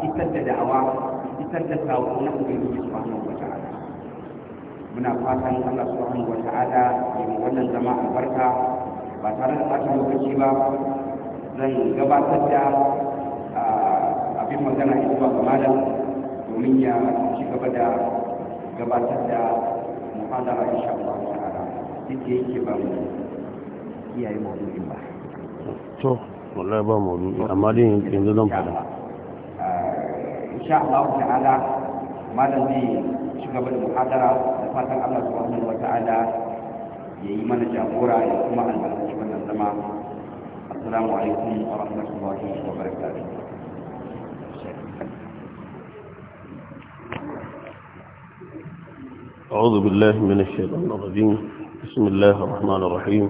fitar da da'awa fitar da sauƙi na ubangiji subhanahu wa ta'ala muna fatan Allah subhanahu wa ta'ala ya yi wannan zama albarka ba tare da ɓata lokaci ba zan gabatar da abin magana ya zuwa ga malam domin ya ci gaba da gabatar da muhadara sha Allah ta'ala duk da yake ba mu iyaye maudu'in ba to wallahi ba maudu'i amma dai yanzu zan fara insha Allah ta'ala malam zai ci gaba da muhadara da fatan Allah subhanahu wa ta'ala ya yi mana jagora ya kuma albarkaci wannan zama assalamu alaikum wa rahmatullahi wa barakatuh أعوذ بالله من الشيطان الرجيم بسم الله الرحمن الرحيم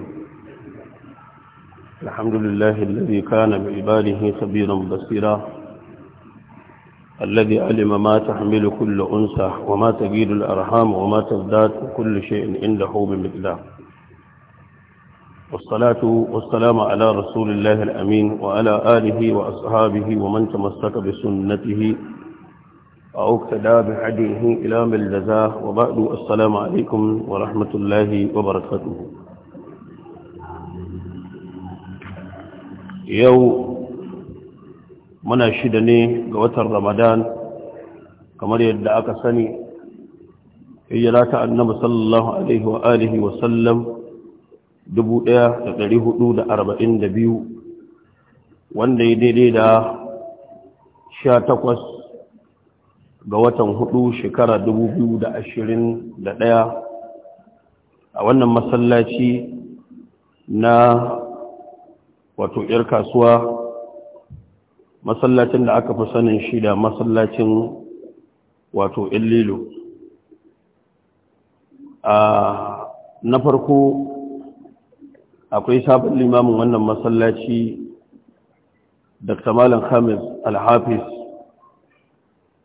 الحمد لله الذي كان بعباده خبيرا بصيرا الذي علم ما تحمل كل أنثى وما تجيد الأرحام وما تزداد كل شيء عنده بمقدار والصلاة والسلام على رسول الله الأمين وعلى آله وأصحابه ومن تمسك بسنته أو اقتدى بحديه إلى من الجزاء وبعد السلام عليكم ورحمة الله وبركاته يوم muna shida ne ga watan ramadan kamar yadda aka sani hijira ta annabi sallallahu alaihi wa alihi wa sallam 1442 wanda ya daidai da 18 ga watan hudu shekara 2021 a wannan masallaci na wato 'yar kasuwa masallacin da aka fi sanin shi da masallacin wato illilu a na farko akwai sabon limamin wannan masallaci dr malam hamis alhafis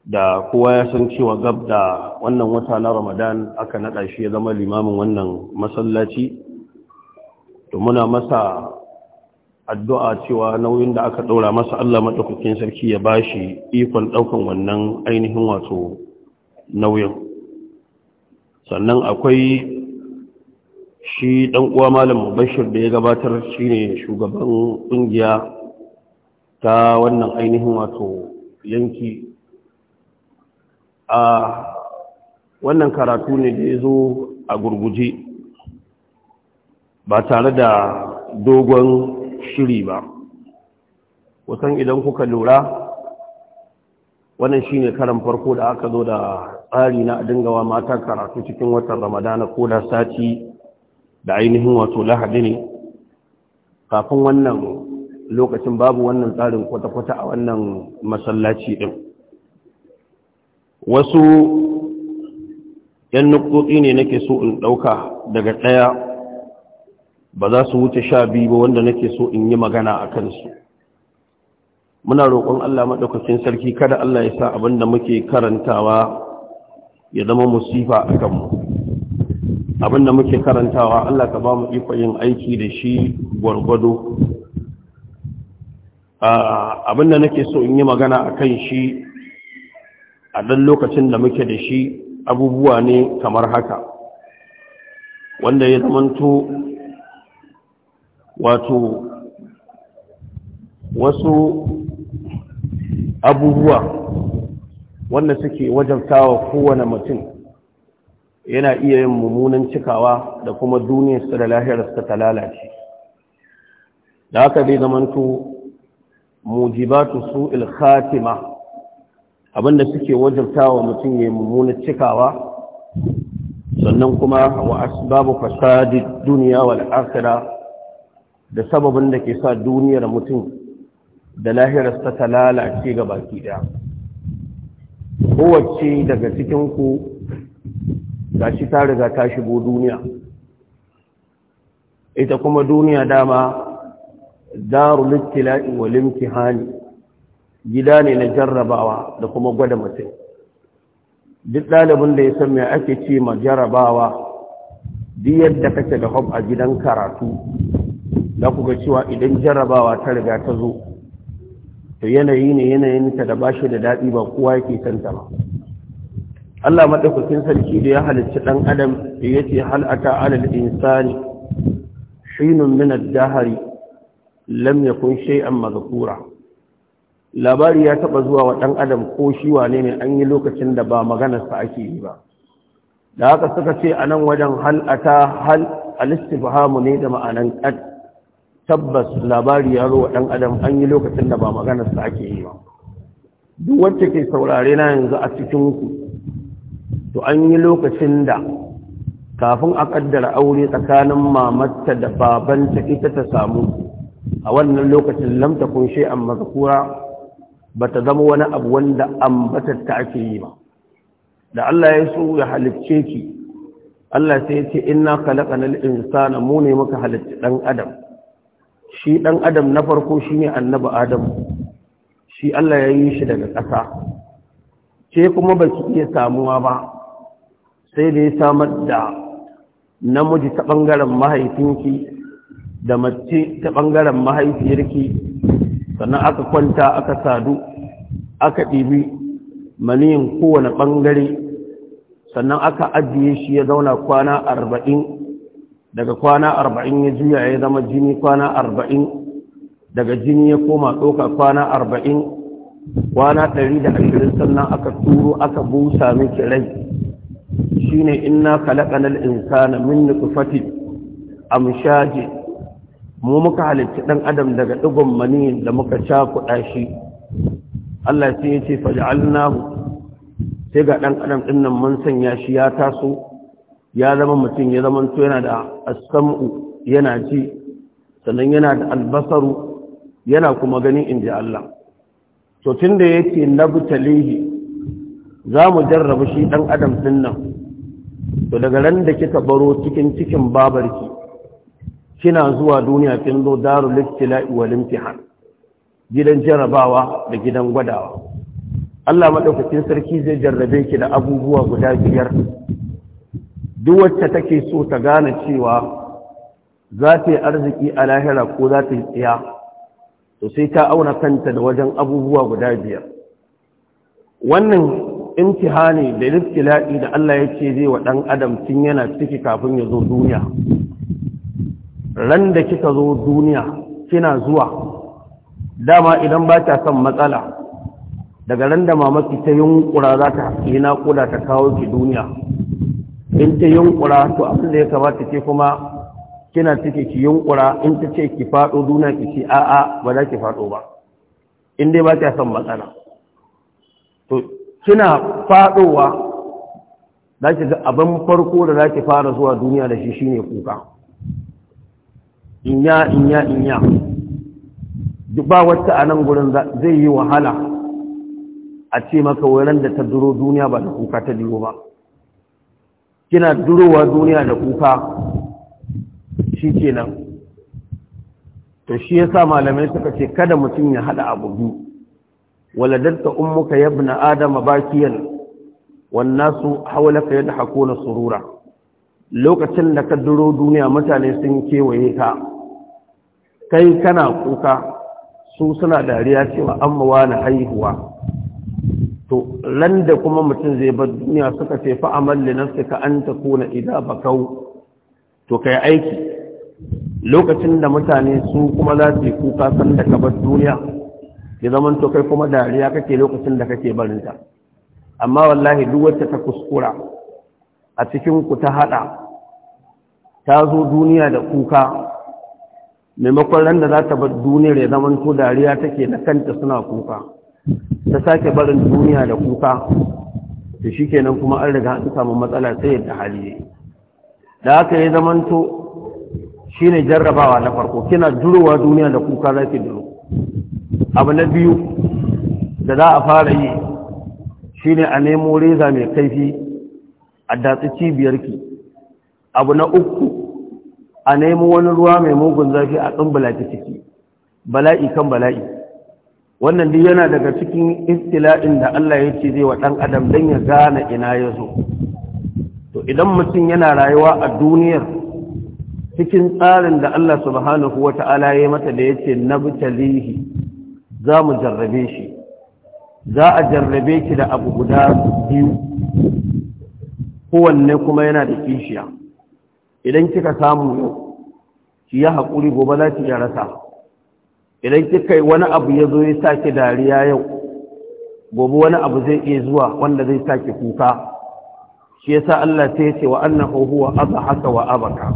da kowa ya san cewa gab da wannan wata na ramadan aka naɗa shi ya zama limamin wannan masallaci to muna masa addu'a cewa nauyin da aka ɗaura masa Allah maɗaukakin sarki ya ba shi ikon ɗaukan wannan ainihin wato nauyin sannan akwai shi ɗan uwa malam Bashir da ya gabatar shi ne shugaban ƙungiya ta wannan ainihin wato yanki a wannan karatu ne da ya zo a gurguje ba tare da dogon shiri ba kusan idan kuka lura wannan shi ne karan farko da aka zo da tsari na dingawa mata karatu cikin watan ramadana ko da sati da ainihin wato lahadi ne kafin wannan lokacin babu wannan tsarin kwata-kwata a wannan masallaci din wasu yan nukoki ne nake so in ɗauka daga ɗaya ba za su wuce sha biyu ba wanda nake so in yi magana a kansu muna roƙon Allah maɗaukakin sarki kada Allah ya sa abin da muke karantawa ya zama musifa a kanmu abin da muke karantawa Allah ka ba mu ikon yin aiki da shi gwargwado abin da nake so in yi magana a kan shi a ɗan lokacin da muke da shi abubuwa ne kamar haka wanda ya zamanto wato wasu abubuwa wanda suke wajabtawa kowane mutum yana iya yin mummunan cikawa da kuma duniyarsa da lahirarsa ta lalace da haka zai zamanto mujibatu su ilkatima, abinda suke wajabtawa mutum ya mummunan cikawa sannan kuma wa asbabu fasadi duniya wal da sababin da ke sa duniyar mutum da lahirarsa ta lalace ga baki daya kowace daga cikinku ga shi ta riga ta shigo duniya ita kuma duniya dama darul wa limki hani, gida ne na jarrabawa da kuma gwada mutum duk ɗalibin da ya san me ake ce ma jarrabawa duk yadda kake da hub a gidan karatu za ku ga cewa idan jarrabawa ta riga ta zo to yanayi ne yanayin ta da bashi da daɗi ba kowa yake ta ba Allah madaukakin sarki da ya halicci dan adam da yace hal ata alal insani shinun min ad-dahri lam yakun shay'an madhkura labari ya taba zuwa wa dan adam ko shi wane ne an yi lokacin da ba maganarsa sa ake yi ba da haka suka ce anan wajen hal ata hal al-istifhamu ne da ma'anan qad tabbas labari ya zo ɗan adam an yi lokacin da ba maganar sa ake yi ba duk wacce ke saurare na yanzu a cikinku? to an yi lokacin da kafin a ƙaddara aure tsakanin mamatta da babanta ita ta samu a wannan lokacin lamta kunshe an mazakura ba ta zama wani abu wanda ambatar ta ake yi ba da Allah ya so ya halicce ki Allah sai ya ce inna khalaqanal insana mu ne muka halicci dan adam shi ɗan adam na farko shi ne annabi adamu shi Allah ya yi shi daga ƙasa ce kuma ba ki iya samuwa ba sai da ya samar da namiji ta ɓangaren mahaifinki da mace ta ɓangaren mahaifiyarki sannan aka kwanta aka sadu aka ɗibi maniyin kowane ɓangare sannan aka ajiye shi ya zauna kwana arba'in daga kwana arba'in ya juya ya zama jini kwana arba'in daga jini ya koma ɗoka kwana arba'in kwana ɗari da ashirin sannan aka turo aka busa miki rai shi ne ina kalaƙanar insana min fati a mishaji mu muka halitta ɗan adam daga ɗigon mani da muka cakuɗa shi Allah sai ya ce faja'alnahu sai ga ɗan adam ɗin nan mun sanya shi ya taso ya zama mutum ya zama to yana da asam'u yana ji sannan yana da albasaru yana kuma gani inda Allah to tunda yake nabtalihi za mu jarraba shi dan adam din nan to daga ran da kika baro cikin cikin babarki kina zuwa duniya kin zo darul ibtila'i wal imtihan gidan jarrabawa da gidan gwadawa Allah madaukakin sarki zai jarrabe ki da abubuwa guda biyar duk wacce take so ta gane cewa za ta yi arziki a lahira ko za ta yi tsaya, to sai ta auna kanta da wajen abubuwa guda biyar wannan imtihani da rifkila'i da Allah ya ce zai wa ɗan adam tun yana ciki kafin ya zo duniya ran da kika zo duniya kina zuwa dama idan ba ta son matsala daga ran da mamaki ta yunkura za ta yi naƙuda ta kawo ki duniya in ta yunkura to abin da ya kamata ce kuma kina cike ki yunkura in ta ce ki faɗo duna ki ce a'a ba za ki faɗo ba in dai ba ta son matsala to kina faɗowa za ki ga abin farko da za ki fara zuwa duniya da shi shine kuka inya inya inya ba wata a nan gurin zai yi wahala a ce maka wurin da ta duro duniya ba da kuka ta biyo ba kina durowa duniya da kuka shi ke nan. to shi ya sa malamai suka ce kada mutum ya hada abu biyu waladatta ummuka yabna adama wannan bakiyan wan yadda hako na surura lokacin da ka duro duniya mutane sun kewaye ka kai kana kuka su suna dariya cewa mawa na haihuwa to ran kuma mutum zai bar duniya suka ce fa amal li nafsika an takuna idza bakau to kai aiki lokacin da mutane su kuma za su kuka san da ka bar duniya ya zaman to kai kuma dariya kake lokacin da kake barinta amma wallahi duk wacce ta kuskura a cikin ku ta hada ta zo duniya da kuka maimakon ran da za ta bar duniyar ya zaman to dariya take da kanta suna kuka ta sake barin duniya da kuka da shi kenan kuma an riga an samu matsala sai yadda hali ne da aka yi zamanto shi ne jarrabawa na farko kina durowa duniya da kuka za ki duro abu na biyu da za a fara yi shi ne a nemo reza mai kaifi a datsi cibiyarki abu na uku a nemo wani ruwa mai mugun zafi a tsumbala ciki bala'i kan bala'i wannan duk yana daga cikin istila'in da Allah ya ce zai wa ɗan adam don ya gane ina ya zo to idan mutum yana rayuwa a duniyar cikin tsarin da Allah subhanahu wa ta'ala ya mata da ya ce na bitalihi za mu jarrabe shi za a jarrabe ki da abu guda biyu kowanne kuma yana da kishiya idan kika samu yau ki yi haƙuri gobe za ki iya rasa idan kika wani abu ya zo ya sake dariya yau gobe wani abu zai iya zuwa wanda zai sake kuka shi yasa Allah sai ya ce wa annahu huwa haka wa abaka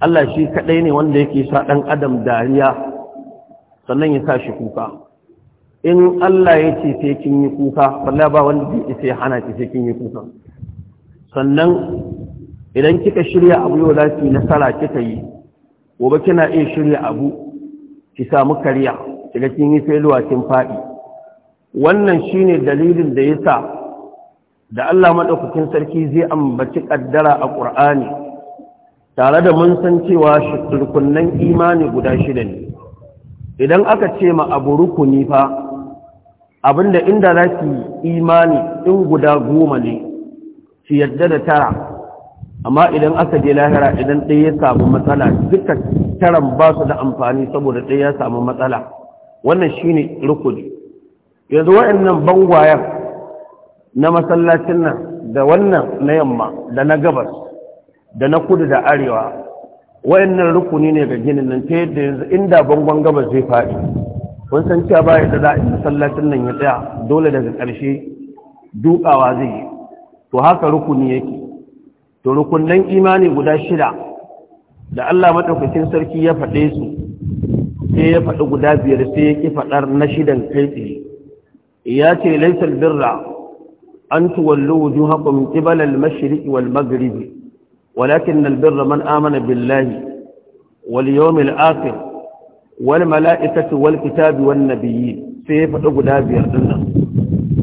Allah shi kadai ne wanda yake sa dan adam dariya sannan ya sa shi kuka in Allah ya ce sai kin yi kuka wallahi ba wanda zai hana ki sai kin yi kuka sannan idan kika shirya abu yau za ki nasara kika yi gobe kina iya shirya abu ki samu kariya daga kin yi failuwa kin faɗi wannan shine dalilin da yasa da Allah madaukakin sarki zai ambaci kaddara a Qur'ani tare da mun san cewa rukunnan imani guda shida ne idan aka ce ma abu rukuni fa abinda inda zaki imani in guda goma ne ki yadda da tara amma idan aka je lahira idan ɗaya ya samu matsala duka taron ba su da amfani saboda ɗaya ya samu matsala wannan shi ne rukuni yanzu wa'annan bangwayen na masallacin nan da wannan na yamma da na gabas da na kudu da arewa wa'annan rukuni ne ga ginin nan ta yadda yanzu inda bangon gabas zai faɗi kun san cewa ba yadda za a masallacin nan ya tsaya dole daga ƙarshe dukawa zai yi to haka rukuni yake to rukunnan imani guda shida da Allah madaukakin sarki ya faɗe su sai ya faɗi guda biyar sai ya ki faɗar na shidan kai tsaye ya ce laisal birra an tuwallu wujuhakum qibala al mashiriki wal maghrib walakin al-birra man amana billahi wal yawmil akhir wal mala'ikati wal kitabi wan nabiyyin sai ya faɗi guda biyar dinnan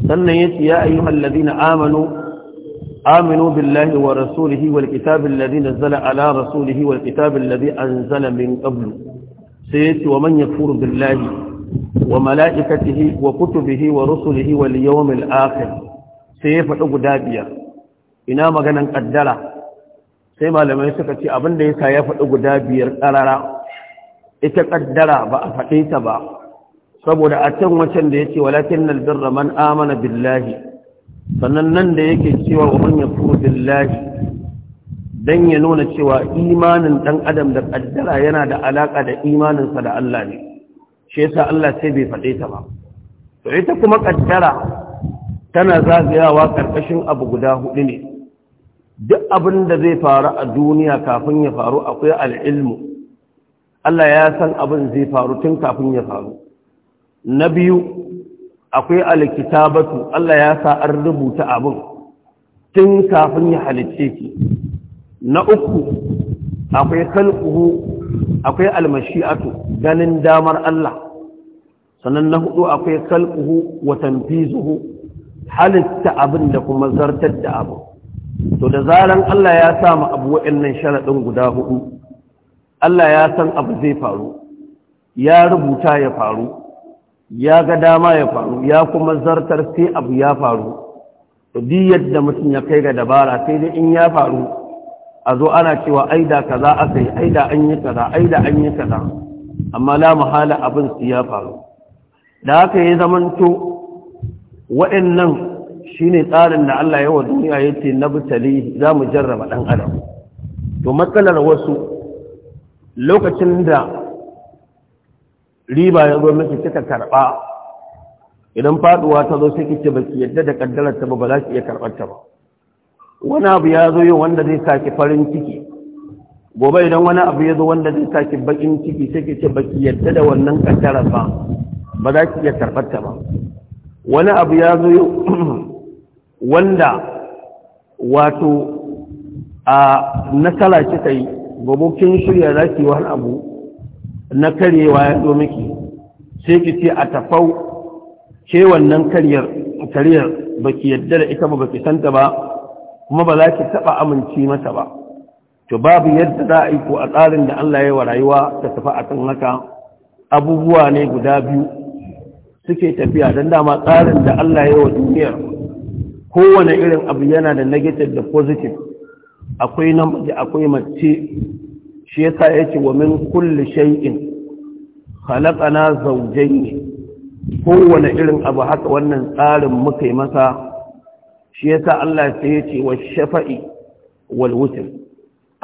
sannan yace ya ayyuhal ladina amanu آمنوا بالله ورسوله والكتاب الذي نزل على رسوله والكتاب الذي أنزل من قبل سيت ومن يكفر بالله وملائكته وكتبه ورسله واليوم الآخر سيفت قدابيا إنا مغانا قدلا سيما لما يسكت أبن ليس يفت قدابيا قرارا إتقدلا بأفتيت با saboda a can wacan da ya ce walakin nalbirra man amana billahi sannan nan da yake cewa wa man yakfuru billahi dan ya nuna cewa imanin ɗan adam da ƙaddara yana da alaƙa da imaninsa da Allah ne shi yasa Allah sai bai faɗe ta ba to ita kuma ƙaddara tana zagayawa ƙarƙashin abu guda hudu ne duk abin da zai faru a duniya kafin ya faru akwai al'ilmu Allah ya san abin zai faru tun kafin ya faru na biyu akwai alkitabatu Allah ya sa an rubuta abin tun kafin ya halicce ki na uku akwai khalquhu akwai almashi'atu ganin damar Allah sannan na hudu akwai khalquhu wa tanfizuhu halitta abin da kuma zartar da abin to da zaran Allah ya sa mu abu wa'annan sharadin guda hudu Allah ya san abu zai faru ya rubuta ya faru ya ga dama ya faru ya kuma zartar sai abu ya faru duk yadda mutum ya kai ga dabara sai dai in ya faru a zo ana cewa ai da kaza aka yi ai da an yi kaza ai da an yi kaza amma la muhala abin su ya faru da haka ya zamanto waɗannan shine tsarin da Allah ya wa duniya yace na butali za mu jarraba ɗan adam to matsalar wasu lokacin da riba ya zo miki kika karba idan faduwa ta zo sai kike baki yadda da kaddarar ta ba ba za ki iya karbar ta ba wani abu ya zo yau wanda zai saki farin ciki gobe idan wani abu ya zo wanda zai saki bakin ciki sai kike baki yadda da wannan kaddarar ba ba za ki iya karbar ta ba wani abu ya zo wanda wato a nasara kika yi gobe kin shirya za ki wani abu na karyewa ya zo miki sai ki ce a tafau ke wannan karyar karyar baki yadda da ita ba ki santa ba kuma ba za ki taɓa amince mata ba to babu yadda za a yi ko a tsarin da Allah ya yi wa rayuwa ta tafi a kan haka abubuwa ne guda biyu suke tafiya don dama tsarin da Allah ya yi wa duniyar kowane irin abu yana da negative da positive akwai namiji akwai mace shi yasa yace wa min kulli shay'in khalaqana zawjayn kowane irin abu haka wannan tsarin muka yi masa shi yasa Allah sai yace wa shafa'i wal wutr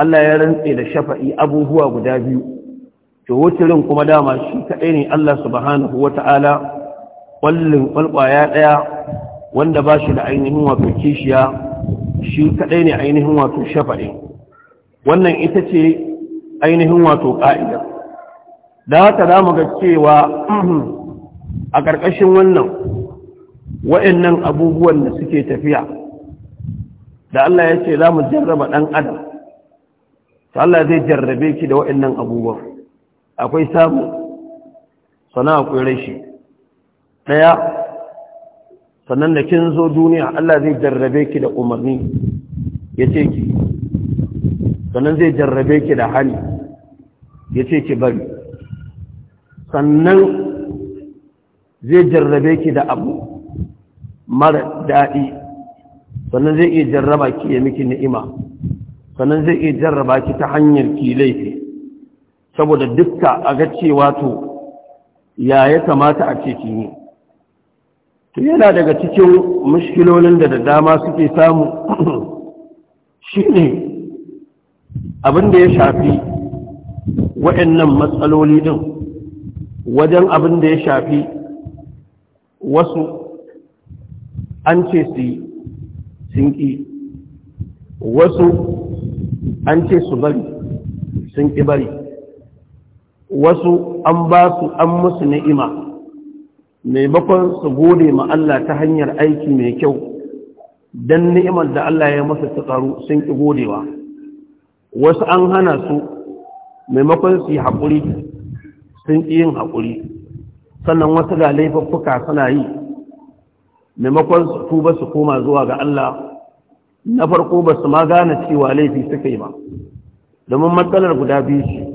Allah ya rantse da shafa'i abubuwa guda biyu to wutrin kuma dama shi kadai ne Allah subhanahu wata'ala ƙwallin kwalkwaya daya wanda ba shi da ainihin wato kishiya shi kadai ne ainihin wato shafa'i wannan ita ce ainihin wato ƙa'ida da haka za mu ga cewa a ƙarƙashin wannan wa'annan abubuwan da suke tafiya da Allah ya ce za mu jarraba ɗan adam ta Allah zai jarrabe ki da wa'annan abubuwan akwai samu sana akwai rashi ɗaya sannan da kin zo duniya Allah zai jarrabe ki da umarni ya ce ki sannan zai jarrabe ki da hali ya ce ki bari sannan zai jarrabe ki da abu mara daɗi sannan zai iya jarraba ki ya miki ni'ima sannan zai iya jarraba ki ta hanyar ki laifi saboda dukka a ga cewa to ya ya kamata a ce kin to yana daga cikin mushkilolin da da dama suke samu shi ne. abin da ya shafi waɗannan matsaloli din wajen abin da ya shafi wasu an ce su yi sun ƙi wasu an ce su bari sun ƙi bari wasu an ba su an musu ni'ima maimakon su gode ma Allah ta hanyar aiki mai kyau don ni'imar da Allah ya masa ta tsaro sun ƙi godewa wasu an hana su maimakon su yi haƙuri sun ƙi yin haƙuri sannan wasu ga laifuffuka suna yi maimakon su tuba su koma zuwa ga Allah na farko ba su ma gane cewa laifi suka yi ba domin matsalar guda biyu shi.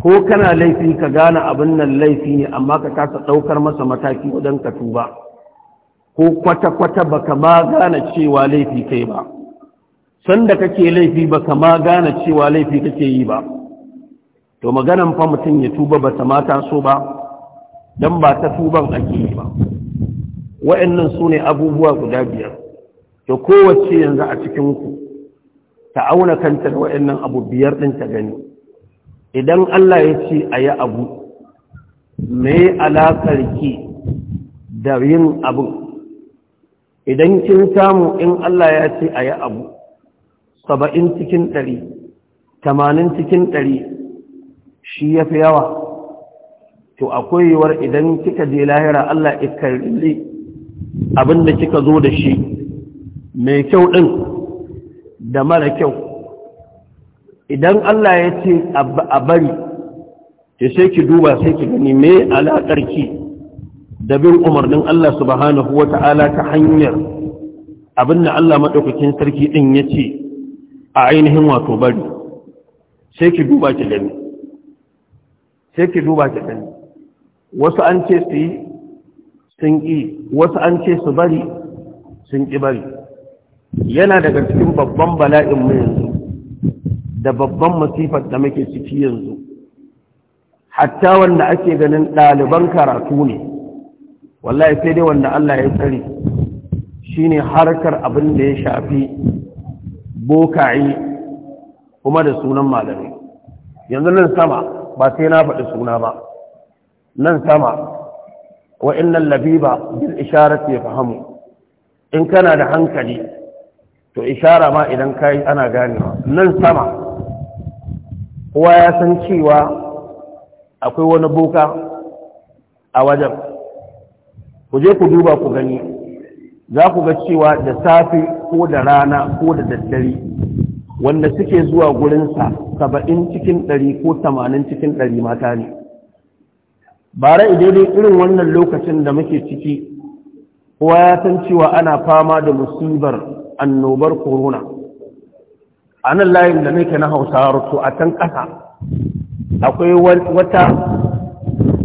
ko kana laifi ka gane abin nan laifi ne amma ka kasa ɗaukar masa mataki wajen ka tuba ko kwata-kwata ba ka ma gane cewa laifi kai ba sanda kake laifi ba kama gane cewa laifi kake yi ba to maganan fa mutum ya tuba ba ta mata so ba don ba ta tuban ake yi ba wa'annan su ne abubuwa guda biyar to kowace yanzu a cikinku ta auna kanta da wa'annan abu biyar ɗin ta gani idan Allah ya ce a yi abu me alaƙar ki da yin abu? idan kin samu in Allah ya ce a yi abu saba'in cikin ɗari tamanin cikin ɗari shi ya fi yawa to akwai yiwuwar idan kika je lahira Allah abin abinda kika zo da shi mai kyau ɗin da mara kyau idan Allah ya ce a bari ya sai ki duba sai ki gani me alaƙarki da bin umarnin Allah subhanahu wa ta'ala ta hanyar abinda Allah maɗaukakin sarki ɗin ya ce a ainihin wato bari sai ki duba ki gani sai ki duba ki gani wasu an ce su yi sun ƙi wasu an ce su bari sun ƙi bari yana daga cikin babban bala'in mu yanzu da babban masifar da muke ciki yanzu hatta wanda ake ganin ɗaliban karatu ne wallahi sai dai wanda Allah ya tsari shine harkar abin da ya shafi bokaye kuma da sunan malami yanzu nan sama ba sai na faɗi suna ba nan sama wa innan labiba bil isharar ya fahamu in kana da hankali to ishara ma idan kayi ana ganewa nan sama kowa ya san cewa akwai wani boka a wajen ku je ku duba ku gani za ku ga cewa da safe ko da rana ko da daddare wanda suke zuwa gurinsa saba'in cikin ɗari ko tamanin cikin ɗari mata ne Ba bara idan irin wannan lokacin da muke ciki kowa ya san cewa ana fama da musibar annobar corona a nan layin da nake na hausawa to a can ƙasa akwai wata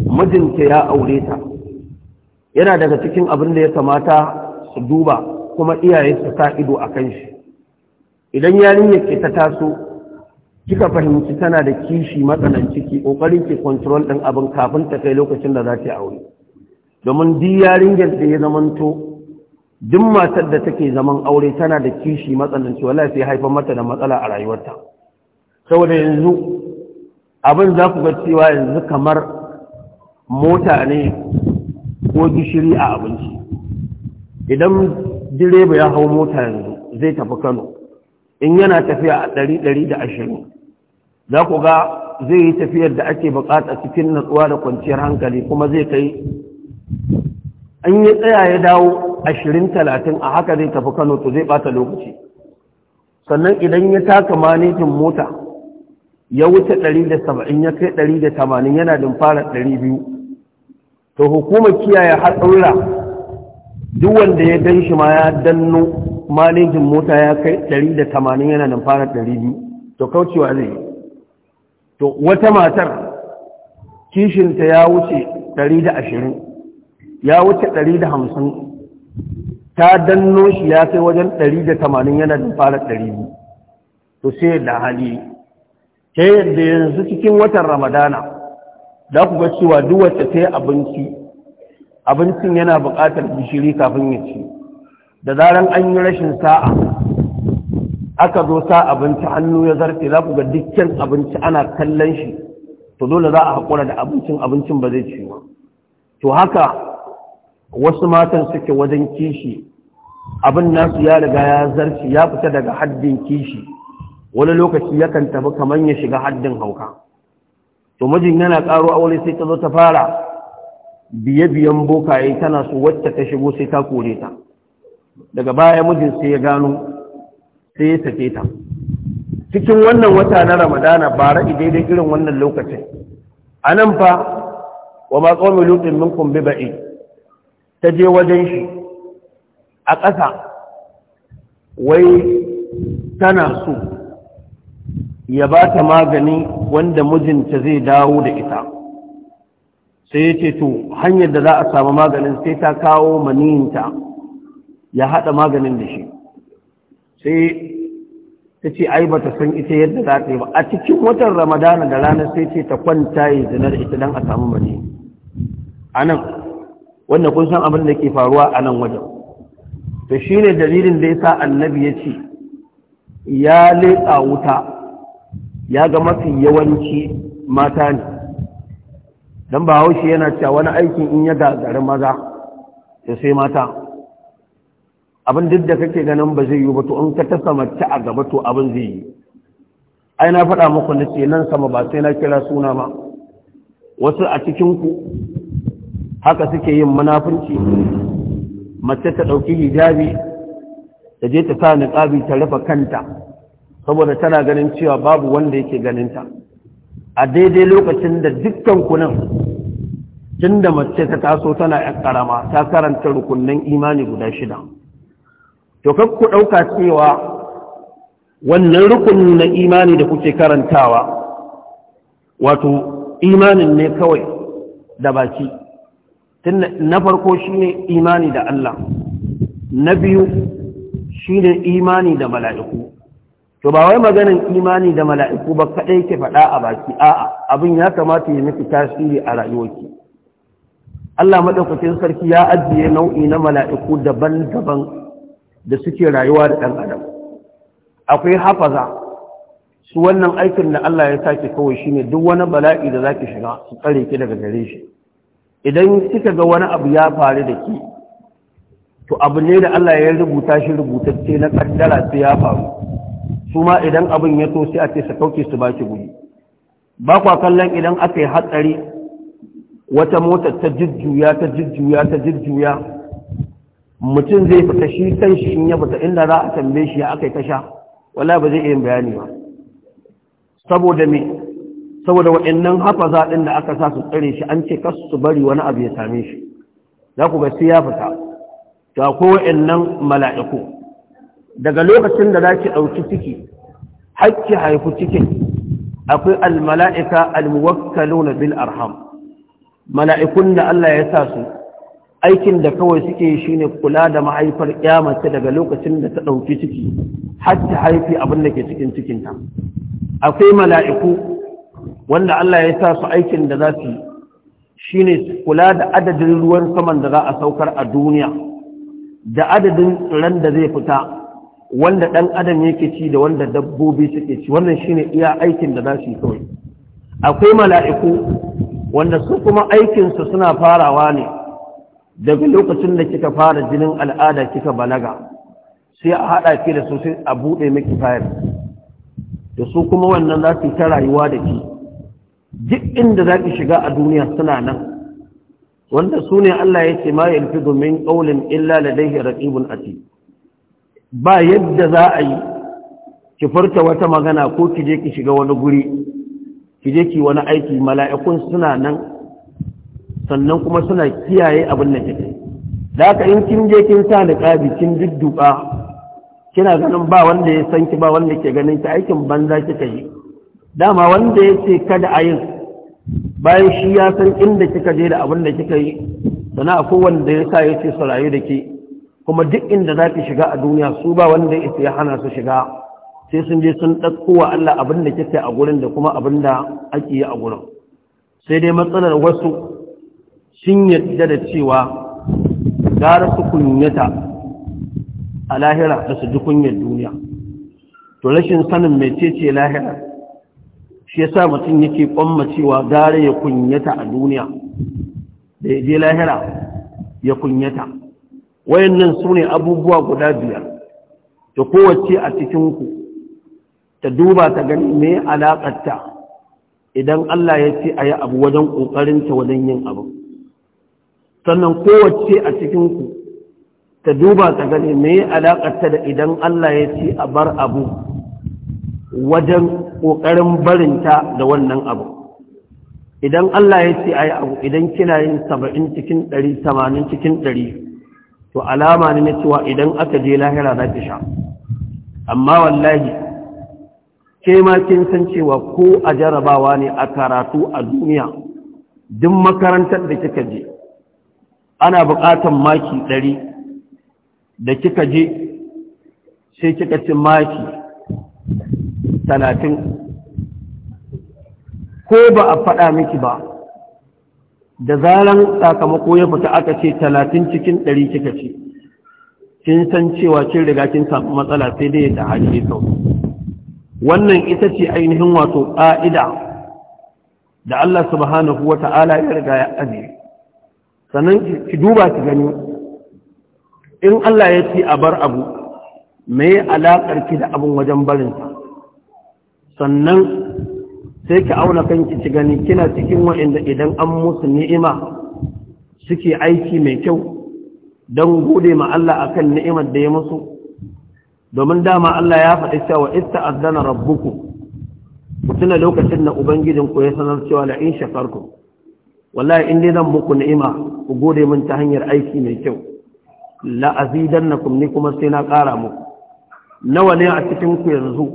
mijinta ya aure ta yana daga cikin abin da ya kamata su duba kuma iyaye su ta ido a kan shi idan yarinya ke ta taso kika fahimci tana da kishi matsananci ki kokarin ki control din abin kafin ta kai lokacin da za ta aure domin di yarinyar da ya zamanto duk matar da take zaman aure tana da kishi matsananci wallahi sai haifar mata da matsala a rayuwarta saboda yanzu abin za ku ga cewa yanzu kamar mota ne ko gishiri a abinci idan direba ya hau mota yanzu zai tafi kano in yana tafiya a ɗari ɗari da ashirin za ku ga zai yi tafiyar da ake bukata cikin natsuwa da kwanciyar hankali kuma zai kai an yi tsaya ya dawo ashirin talatin a haka zai tafi kano to zai bata lokaci sannan idan ya taka manejin mota ya wuce ɗari da saba'in ya kai ɗari da tamanin yana da fara ɗari biyu to hukumar kiyaye har ɗaura duk wanda ya dan shi ma ya danno malejin mota ya kai 180 yana nan fara 200 to kaucewa zai to wata matar kishinta ya wuce 120 ya wuce 150 ta danno shi ya kai wajen 180 yana nan fara 200 to sai da hali ta yadda yanzu cikin watan ramadana da ku ga cewa duk wacce ta yi abinci abincin yana buƙatar gishiri kafin ya ci da zaran an yi rashin sa'a aka zo sa abinci hannu ya zarce za ku ga dukkan abinci ana kallon shi to dole za a haƙura da abincin abincin ba zai ci ba to haka wasu matan suke wajen kishi abin nasu ya riga ya zarce ya fita daga haddin kishi wani lokaci yakan tafi kamar ya shiga haddin hauka to mijin yana ƙaro aure sai ta zo ta fara biye-biyen bokaye tana so wacce ta shigo sai ta kore ta daga baya mijin sai ya gano sai ya sake ta cikin wannan wata na ramadana bara daidai irin wannan lokacin a nan fa wa ma tsomi lutin min kumbi ba'i ta je wajen shi a ƙasa wai tana so ya ba ta magani wanda mijinta zai dawo da ita sai ya ce to hanyar da za a samu maganin sai ta kawo maniyinta ya haɗa maganin da shi sai ta ce ai ba ta san ita yadda za ta yi ba a cikin watan ramadana da ranar sai ce ta kwanta yi zinar ita don a samu mani a nan wanda kun san abin da ke faruwa a nan wajen to shi ne dalilin da ya sa annabi ya ce ya leƙa wuta ya ga mafi yawanci mata ne don ba haushi yana cewa wani aikin in ya gagarin maza ya sai mata abin duk da kake ganin ba zai yi ba to in ka taka mace a gaba to abin zai yi ai na faɗa muku na ce nan sama ba sai na kira suna ma wasu a cikinku haka suke yin munafunci mace ta ɗauki hijabi da je ta sa niƙabi ta rufe kanta saboda tana ganin cewa babu wanda yake ganin ta a daidai lokacin da dukkan kunan tun da mace ta taso tana ‘yan ƙarama ta karanta rukunnan imani guda shida to kan ku ɗauka cewa wannan rukunin na imani da kuke karantawa wato imanin ne kawai da baki na farko shine imani da Allah na biyu shine imani da mala'iku to ba wai maganin imani da mala'iku ba kaɗai ke faɗa a baki a'a abin ya kamata ya miki tasiri a rayuwarki Allah maɗaukacin sarki ya ajiye nau'i na mala'iku daban-daban da suke rayuwa da ɗan adam akwai hafaza su wannan aikin da Allah ya sake kawai shine duk wani bala'i da zaki shiga su tsare ki daga gare shi idan kika ga wani abu ya faru da ki to abu ne da Allah ya rubuta shi rubutacce na kaddara sai ya faru su ma idan abin ya tosi sai a ce su kauce su baki guri ba kwa kallon idan aka yi hatsari wata mota ta jujjuya ta jujjuya ta jujjuya mutum zai fita shi kan shi in ya fita inda za a tambaye shi ya aka yi tasha wala ba zai iya bayani ba saboda me saboda waɗannan hafaza ɗin da aka sa su tsare shi an ce kas su bari wani abu ya same shi za ku ga sai ya fita ga ko waɗannan mala'iku daga lokacin da za ki ɗauki ciki hakki haifu cikin akwai almala'ika almuwakkaluna bil arham mala'ikun da Allah ya sa su aikin da kawai suke ne kula da mahaifar ya mace daga lokacin da ta ɗauki ciki har haifi abin da ke cikin cikinta akwai mala'iku wanda Allah ya sa su aikin da za su yi shine kula da adadin ruwan saman da za a saukar a duniya da adadin ran da zai fita wanda ɗan adam yake ci da wanda dabbobi suke ci wannan shine iya aikin da za su yi kawai akwai mala'iku wanda su kuma aikinsu suna farawa ne daga lokacin da kika fara jinin al'ada kika balaga sai a haɗa ki da sosai a buɗe maki fayar da su kuma wannan za su yi ta rayuwa da ki duk inda za ki shiga a duniya suna nan wanda su ne Allah ya ce ma yalfi domin ƙaunin illa da ladaihi raƙibun ati ba yadda za a yi ki furta wata magana ko ki je ki shiga wani guri ki je ki wani aiki mala'ikun suna nan sannan kuma suna kiyaye abin da kike da haka in kin je kin sa kabi kin dudduka kina ganin ba wanda ya san ki ba wanda ke ganin ki aikin banza kika yi dama wanda ya ce kada a yin bayan shi ya san inda kika je da abin da kika yi sana'a ko kowanne da ya sa ya ce sarayu da ke kuma duk inda za ki shiga a duniya su ba wanda ya hana su shiga sai sun je sun ɗauko wa Allah abin da kike a gurin da kuma abin da ake yi a gurin sai dai matsalar wasu sun yadda da cewa gara su kunyata a lahira da su ji kunyar duniya to rashin sanin mai cece lahira shi ya sa mutum yake kwamma cewa gara ya kunyata a duniya da ya je lahira ya kunyata nan su ne abubuwa guda biyar da kowace a cikinku ta duba ta gani me alaƙarta idan Allah ya ce a yi abu wajen ƙoƙarinta wajen yin abu sannan kowace a cikinku ta duba ta gani me alaƙarta da idan Allah ya ce a bar abu wajen ƙoƙarin barinta da wannan abu idan Allah ya ce a yi abu idan kina yin saba'in cikin ɗari tamanin cikin ɗari to alama ne na cewa idan aka je lahira za ki sha amma wallahi ke ma kin san cewa ko a jarabawa ne a karatu a duniya duk makarantar da kika je ana buƙatar maki ɗari da kika je sai kika ci maki talatin ko ba a faɗa miki ba da zaran sakamako ya fita aka ce talatin cikin ɗari kika ce kin san cewa kin riga kin samu matsala sai dai ta haɗe sau wannan ita ce ainihin wato ƙa'ida da Allah subhanahu wa ta'ala ya riga ya ajiye sannan ki duba ki gani in Allah ya ce a bar abu me alaƙar ki da abin wajen barinsa sannan sai ki auna kanki ki gani kina cikin waɗanda idan an musu ni'ima suke aiki mai kyau don gode ma Allah akan ni'imar da ya musu domin dama Allah ya faɗi cewa ita azana rabbuku ku tuna lokacin da ubangijinku ya sanar cewa in shakarku wallahi in dai zan muku ni'ima ku gode min ta hanyar aiki mai kyau la azidannakum ni kuma sai na ƙara muku nawa ne a cikin ku yanzu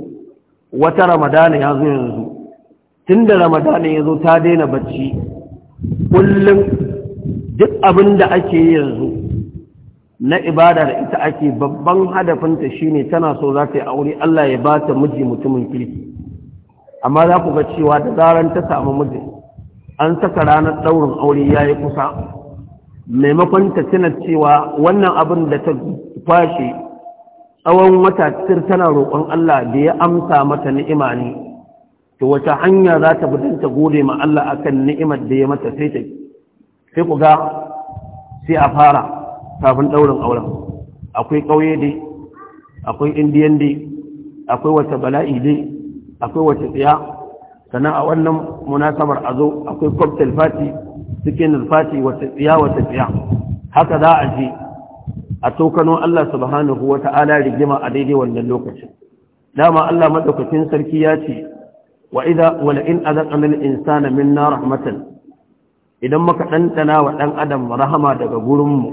wata ramadana ya zo yanzu tun da ramadanin ya zo ta daina bacci kullum duk abin da ake yi yanzu na ibada da ita ake babban hadafinta shine tana so za ta yi aure Allah ya ba ta miji mutumin kirki amma za ku ga cewa da zaran ta samu miji an saka ranar daurin aure ya yi kusa maimakon ta tuna cewa wannan abin da ta kwashe tsawon wata tir tana roƙon Allah da ya amsa mata ni'ima ne to wata hanya za ta bi ta gode ma Allah akan ni'imar da ya mata sai ta sai ku ga sai a fara kafin ɗaurin auren akwai kauye dai akwai indiyan dai akwai wata bala'i dai akwai wata tsiya sannan a wannan munasabar a zo akwai cocktail party cikin party wata tsiya wata tsiya haka za a je a tokano Allah subhanahu wa ta'ala rigima a daidai wannan lokacin dama Allah madaukakin sarki ya ce wa’iza wal’in a zan amin insana min na rahmatin idan maka ɗantana wa ɗan adam rahama daga gurinmu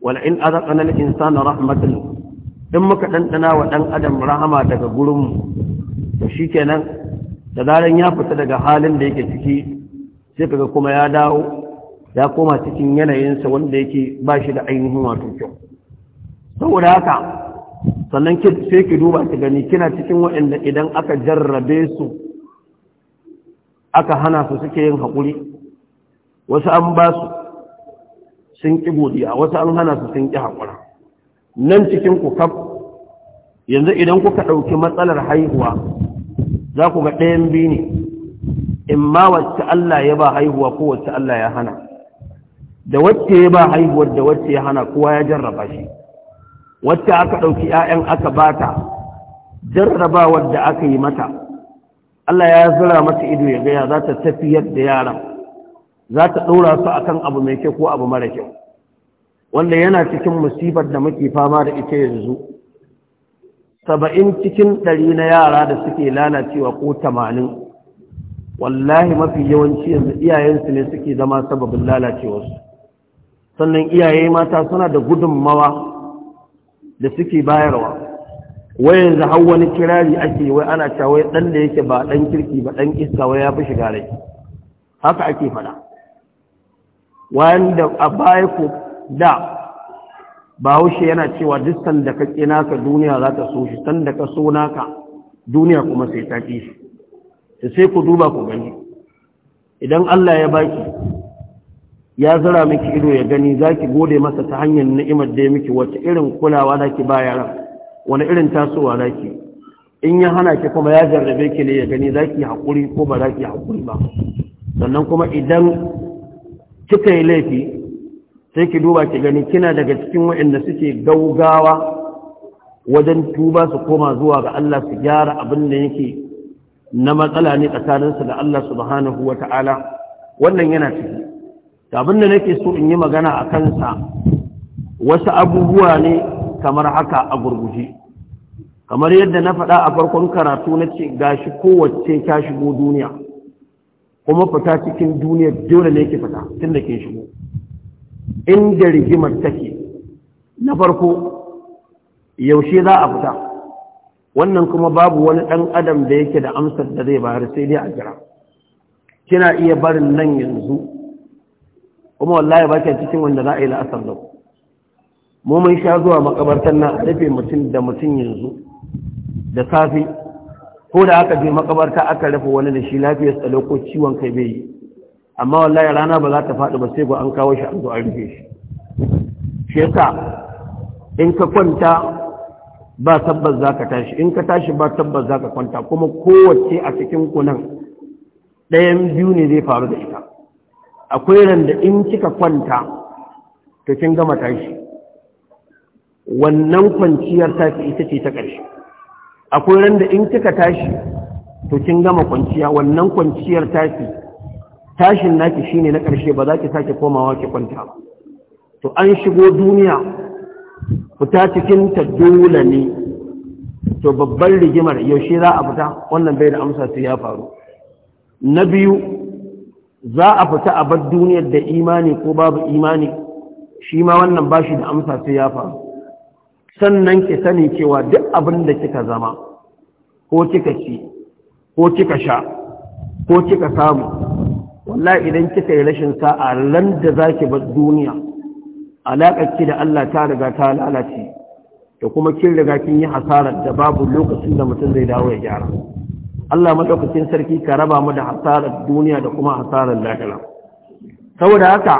wal’in a zan amin insana rahmatin idan maka ɗantana wa ɗan adam rahama daga gurinmu da shi kenan da zaren ya fita daga halin da yake ciki sai kaga kuma ya dawo ya koma cikin yanayinsa wanda yake ba shi da ainihin wato kyau saboda haka sannan sai ki duba ki gani kina cikin waanda idan aka jarrabe su aka hana su suke yin haƙuri wasu an ba su sun ƙi godiya wasu an hana su sun ƙi haƙura nan cikin ku kaf yanzu idan kuka ɗauki matsalar haihuwa za ku ga ɗayan biyu ne in ma wacce Allah ya ba haihuwa ko wacce Allah ya hana da wacce ya ba haihuwar da wacce ya hana kowa ya jarraba shi wacce aka ɗauki 'ya'yan aka bata jarrabawar da aka yi mata Allah ya zura mata ido ya gaya za ta tafiyar da yaran za ta ɗora su akan abu mai kyau ko abu mara kyau wanda yana cikin musibar da muke fama da ita yanzu saba'in cikin ɗari na yara da suke lalacewa ko tamanin wallahi mafi yawanci yanzu iyayensu ne suke zama sababin lalacewarsu sannan iyaye mata suna da gudunmawa da suke bayarwa wai yanzu har wani kirari ake wai ana cewa wai dan da yake ba dan kirki ba dan iska wai ya fi shiga rai haka ake fada wanda a baya ko da bahaushe yana cewa duk sanda ka kina naka duniya za ta so shi sanda ka so naka duniya kuma sai ta ƙi shi sai ku duba ku gani idan Allah ya baki ya zira miki ido ya gani za ki gode masa ta hanyar ni'imar da ya miki wata irin kulawa zaki ki ba yaran wani irin tasowa zaki ki in ya hana ki kuma ya jarrabe ki ne ya gani za ki haƙuri ko ba za ki haƙuri ba sannan kuma idan kika yi laifi sai ki duba ki gani kina daga cikin waɗanda suke gaugawa wajen tuba su koma zuwa ga Allah su gyara abin da yake na matsala ne tsakaninsu da Allah subhanahu ta'ala. wannan yana ciki abin da nake so in yi magana a kansa wasu abubuwa ne kamar haka a gurguje kamar yadda na faɗa a farkon karatu na ce gashi kowace ta shigo duniya kuma fita cikin duniya dole ne ke fita tun da ke shigo inda rigimar take na farko yaushe za a fita wannan kuma babu wani ɗan adam da yake da amsar da zai bayar sai dai a jira kina iya barin nan yanzu kuma wallahi ba ta cikin wanda za a yi la'asar da mu mun sha zuwa makabartar nan a rufe mutum da mutum yanzu da safi ko da aka je makabarta aka rufe wani da shi lafiyar tsalo ko ciwon kai bai yi amma wallahi rana ba za ta faɗi ba sai ga an kawo shi an zo an rufe shi shi in ka kwanta ba tabbas za ka tashi in ka tashi ba tabbas za ka kwanta kuma kowace a cikin kunan ɗayan biyu ne zai faru da ita akwai randa in kika kwanta to kin gama tashi wannan kwanciyar tafi ita ce ta ƙarshe akwai randa in kika tashi to kin gama kwanciya wannan kwanciyar tafi tashin naki shine na ƙarshe ba za ki sake komawa ki kwanta ba to an shigo duniya fita cikin ta dole ne to babban rigimar yaushe za a fita wannan bai da amsa sai ya faru na biyu za a fita a bar duniyar da imani ko babu imani shi ma wannan ba shi da amsa sai ya faru sannan ki sani cewa duk abin da kika zama ko kika ci ko kika sha ko kika samu wallahi idan kika yi rashin sa'a ran da zaki bar duniya ki da Allah ta riga ta lalace da kuma kin riga kin yi hasarar da babu lokacin da mutum zai dawo ya gyara Allah madaukakin sarki ka raba mu da hasarar duniya da kuma hasarar lahira saboda haka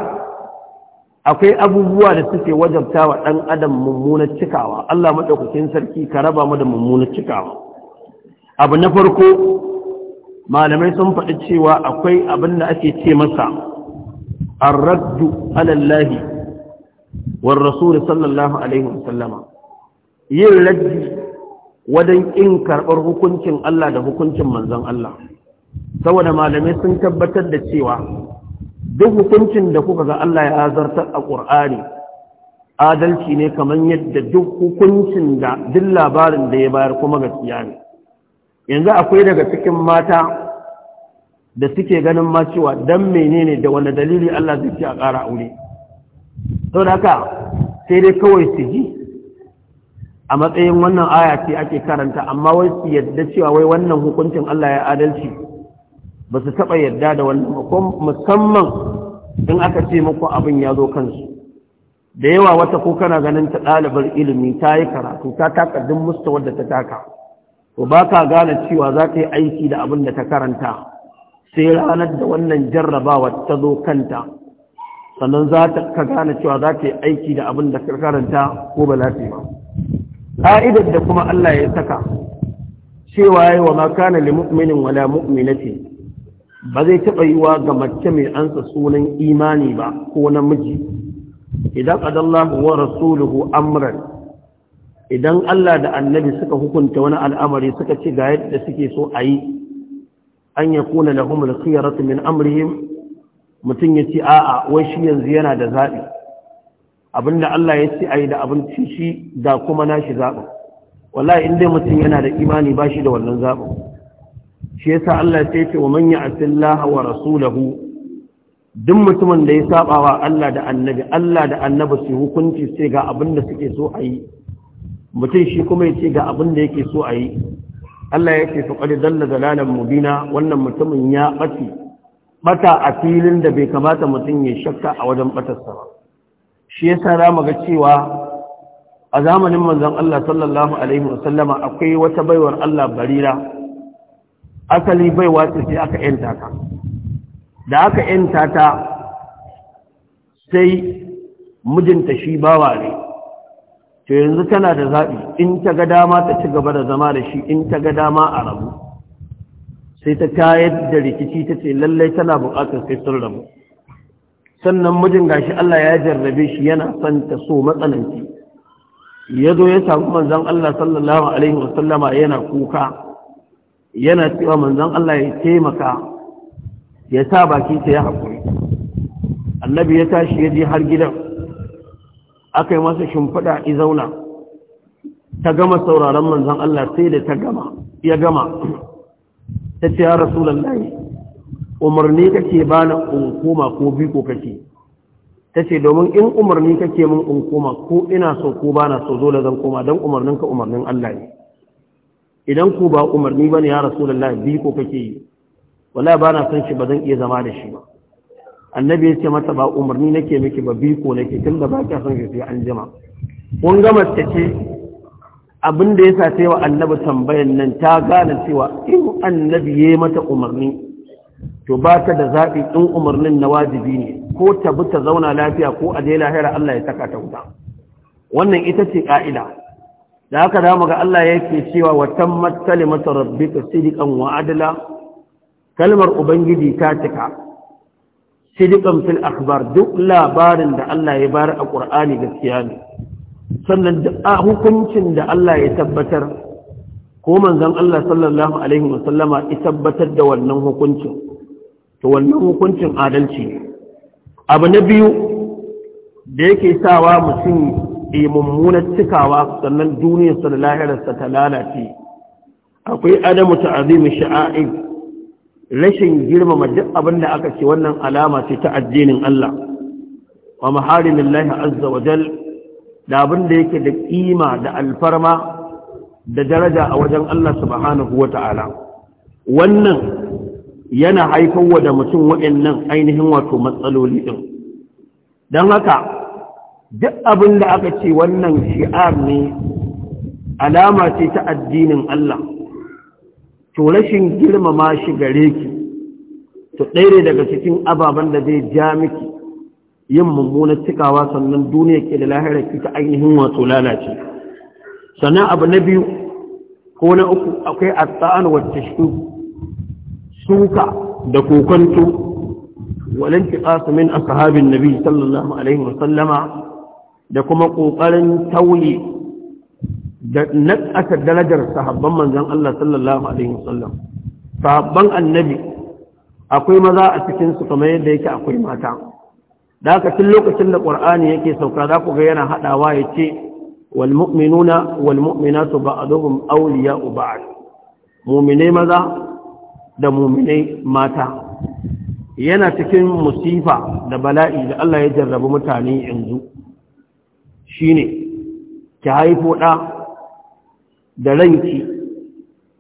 akwai abubuwa da suke wajabta wa ɗan adam mummunar cikawa Allah maɗaukakin sarki ka raba mu da mummunar cikawa abu na farko malamai sun faɗi cewa akwai abin da ake ce masa arraddu alallahi wa rasul sallallahu alaihi wasallama yin raddi wadan ƙin karɓar hukuncin Allah da hukuncin manzon Allah saboda malamai sun tabbatar da cewa duk hukuncin da kuka ga Allah ya azartar a ƙur'ani adalci ne kamar yadda duk hukuncin da duk labarin da ya bayar kuma gaskiya ne yanzu akwai daga cikin mata da suke ganin ma cewa dan menene da wani dalili Allah zai ci a ƙara aure Saboda haka sai dai kawai su ji a matsayin wannan aya ce ake karanta amma wai su yadda cewa wai wannan hukuncin Allah ya adalci ba su taɓa yadda da wannan musamman in aka ce muku abin ya zo kansu da yawa wata ko kana ganin ta ɗalibar ilimi ta yi karatu ta taka duk musta wadda ta taka to ba ka gane cewa za ta yi aiki da abin da ta karanta sai ranar da wannan jarrabawa ta zo kanta sannan za ka gane cewa za ta yi aiki da abin da ka karanta ko ba za ta yi ba ka'idar da kuma Allah ya saka cewa yi wa ma kana mu'minin wala mu'minati ba zai taɓa yi wa ga mace mai ansa sunan imani ba ko namiji idan adallahu wa rasuluhu amran idan Allah da annabi suka hukunta wani al'amari suka ce ga yadda suke so a yi an ya kuna lahumul khiyaratu min amrihim mutum ya ce a'a wai shi yanzu yana da zaɓi abinda Allah ya ce ayi da abinci shi da kuma nashi zaɓin wallahi in dai mutum yana da imani ba shi da wannan zaɓin shi yasa Allah ya ce wa man ya'tillaha wa rasulahu duk mutumin da ya saba wa Allah da annabi Allah da annabi su hukunci sai ga abin da suke so ayi mutum shi kuma ya ce ga abin da yake so ayi Allah ya ce faqad zalla dalalan mubina wannan mutumin ya ɓata bata a filin da bai kamata mutum ya shakka a wajen batarsa ba shi yasa za mu ga cewa a zamanin manzon Allah sallallahu alaihi wasallama akwai wata baiwar Allah barira asali baiwa ce sai aka yanta ta da aka yanta ta sai mijinta shi bawa ne to yanzu tana da zaɓi in ta ga dama ta ci gaba da zama da shi in ta ga dama a rabu sai ta kayar da rikici ta ce lallai tana buƙatar sai sun rabu sannan mijin gashi Allah ya jarrabe shi yana son ta so matsananci ya zo ya samu manzon Allah sallallahu alaihi wasallama yana kuka yana cewa manzon Allah ya taimaka ya sa baki ta ya haƙuri annabi ya tashi ya je har gidan aka yi masa shimfiɗa zauna. ta gama sauraron manzon Allah sai da ta gama ya gama ta ce ya lallai. umarni kake bani in koma ko bi ko kake tace domin in umarni kake min in koma ko ina so ko bana so dole zan koma dan umarnin ka umarnin Allah ne idan ku ba umarni bane ya rasulullahi bi ko kake yi wallahi bana son shi ba zan iya zama da shi ba annabi ya ce mata ba umarni nake miki ba bi ko nake da ba kya son sai an jima kun gama mace ce abin da ya sa sai wa annabi tambayan nan ta gane cewa in annabi ya mata umarni to ba ta da zaɓi ɗin umarnin na wajibi ne ko ta bi ta zauna lafiya ko a je lahira Allah ya saka ta wuta wannan ita ce ƙa'ida da haka za mu ga Allah yake cewa wa tammat kalimatu rabbika sidqan wa adla kalmar ubangiji ta cika sidqan fil akhbar duk labarin da Allah ya bar a Qur'ani gaskiya ne sannan hukuncin da Allah ya tabbatar ko manzon Allah sallallahu alaihi wasallama ya tabbatar da wannan hukuncin to wannan hukuncin adalci abu na biyu da yake sawa mutum yi mummunar cikawa sannan duniyarsa da lahirarsa ta lalace akwai adamu ta azimi sha'a'ib rashin girmama duk abin da aka ce wannan alama ce ta addinin Allah wa maharimin lahi azza wa jal da abin da yake da ƙima da alfarma da daraja a wajen Allah subhanahu wa ta'ala wannan yana wa da mutum waɗannan ainihin wato matsaloli ɗin don haka duk abin da aka ce wannan shi'ar ne alama ce ta addinin Allah to rashin girmama shi gare ki to ɗaya daga cikin ababen da zai ja miki yin mummunan cikawa sannan duniya ke da lahirar ki ta ainihin wato lalace sannan abu na biyu ko na uku akwai asa'an wacce shi suka da kokonto walan min ashabin nabi sallallahu alaihi wasallama da kuma ƙoƙarin ta'uye da nakasa darajar sahabban manzan Allah sallallahu alaihi wasallam sahabban annabi akwai maza a cikinsu kamar yadda yake akwai mata da haka lokacin da qur'ani yake sauka za ku ga yana ya ce wal mu'minuna wal mu'minatu ba'dhum awliya'u ba'd mu'mine maza da muminai mata yana cikin musifa da bala'i da Allah ya jarrabu mutane yanzu shine ki haifo ɗa da ranki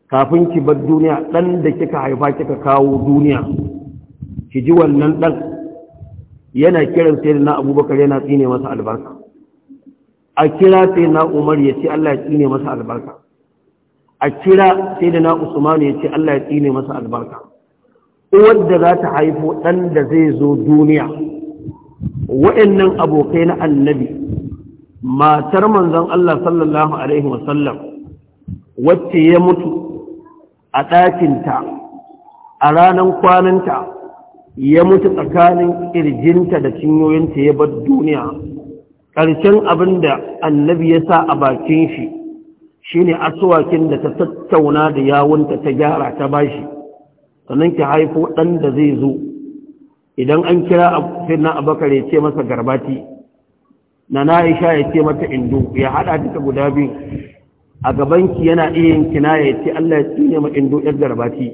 kafin ki bar duniya ɗan da kika haifa kika kawo duniya ki ji wannan ɗan yana kiran sai na abubakar yana tsine masa albarka a kira sai na umar ya ce Allah ya tsine masa albarka a kira sai da na usman ya ce Allah ya tsine masa albarka uwar da za ta haifo ɗan da zai zo duniya wa'annan abokai na annabi matar manzon Allah sallallahu alaihi wasallam wacce ya mutu a ɗakinta a ranar kwananta ya mutu tsakanin ƙirjinta da cinyoyinta ya bar duniya ƙarshen abin da annabi ya sa a bakin shi ne asuwakin da ta tattauna da yawunta ta gyara ta bashi sannan ki haifo ɗan da zai zo idan an kira finna abakar ya ce masa garbati na na'isha ya ce mata indo ya haɗa duka guda biyu a gabanki yana iya yin kinaya ya ce allah ya tsine ma indo yar garbati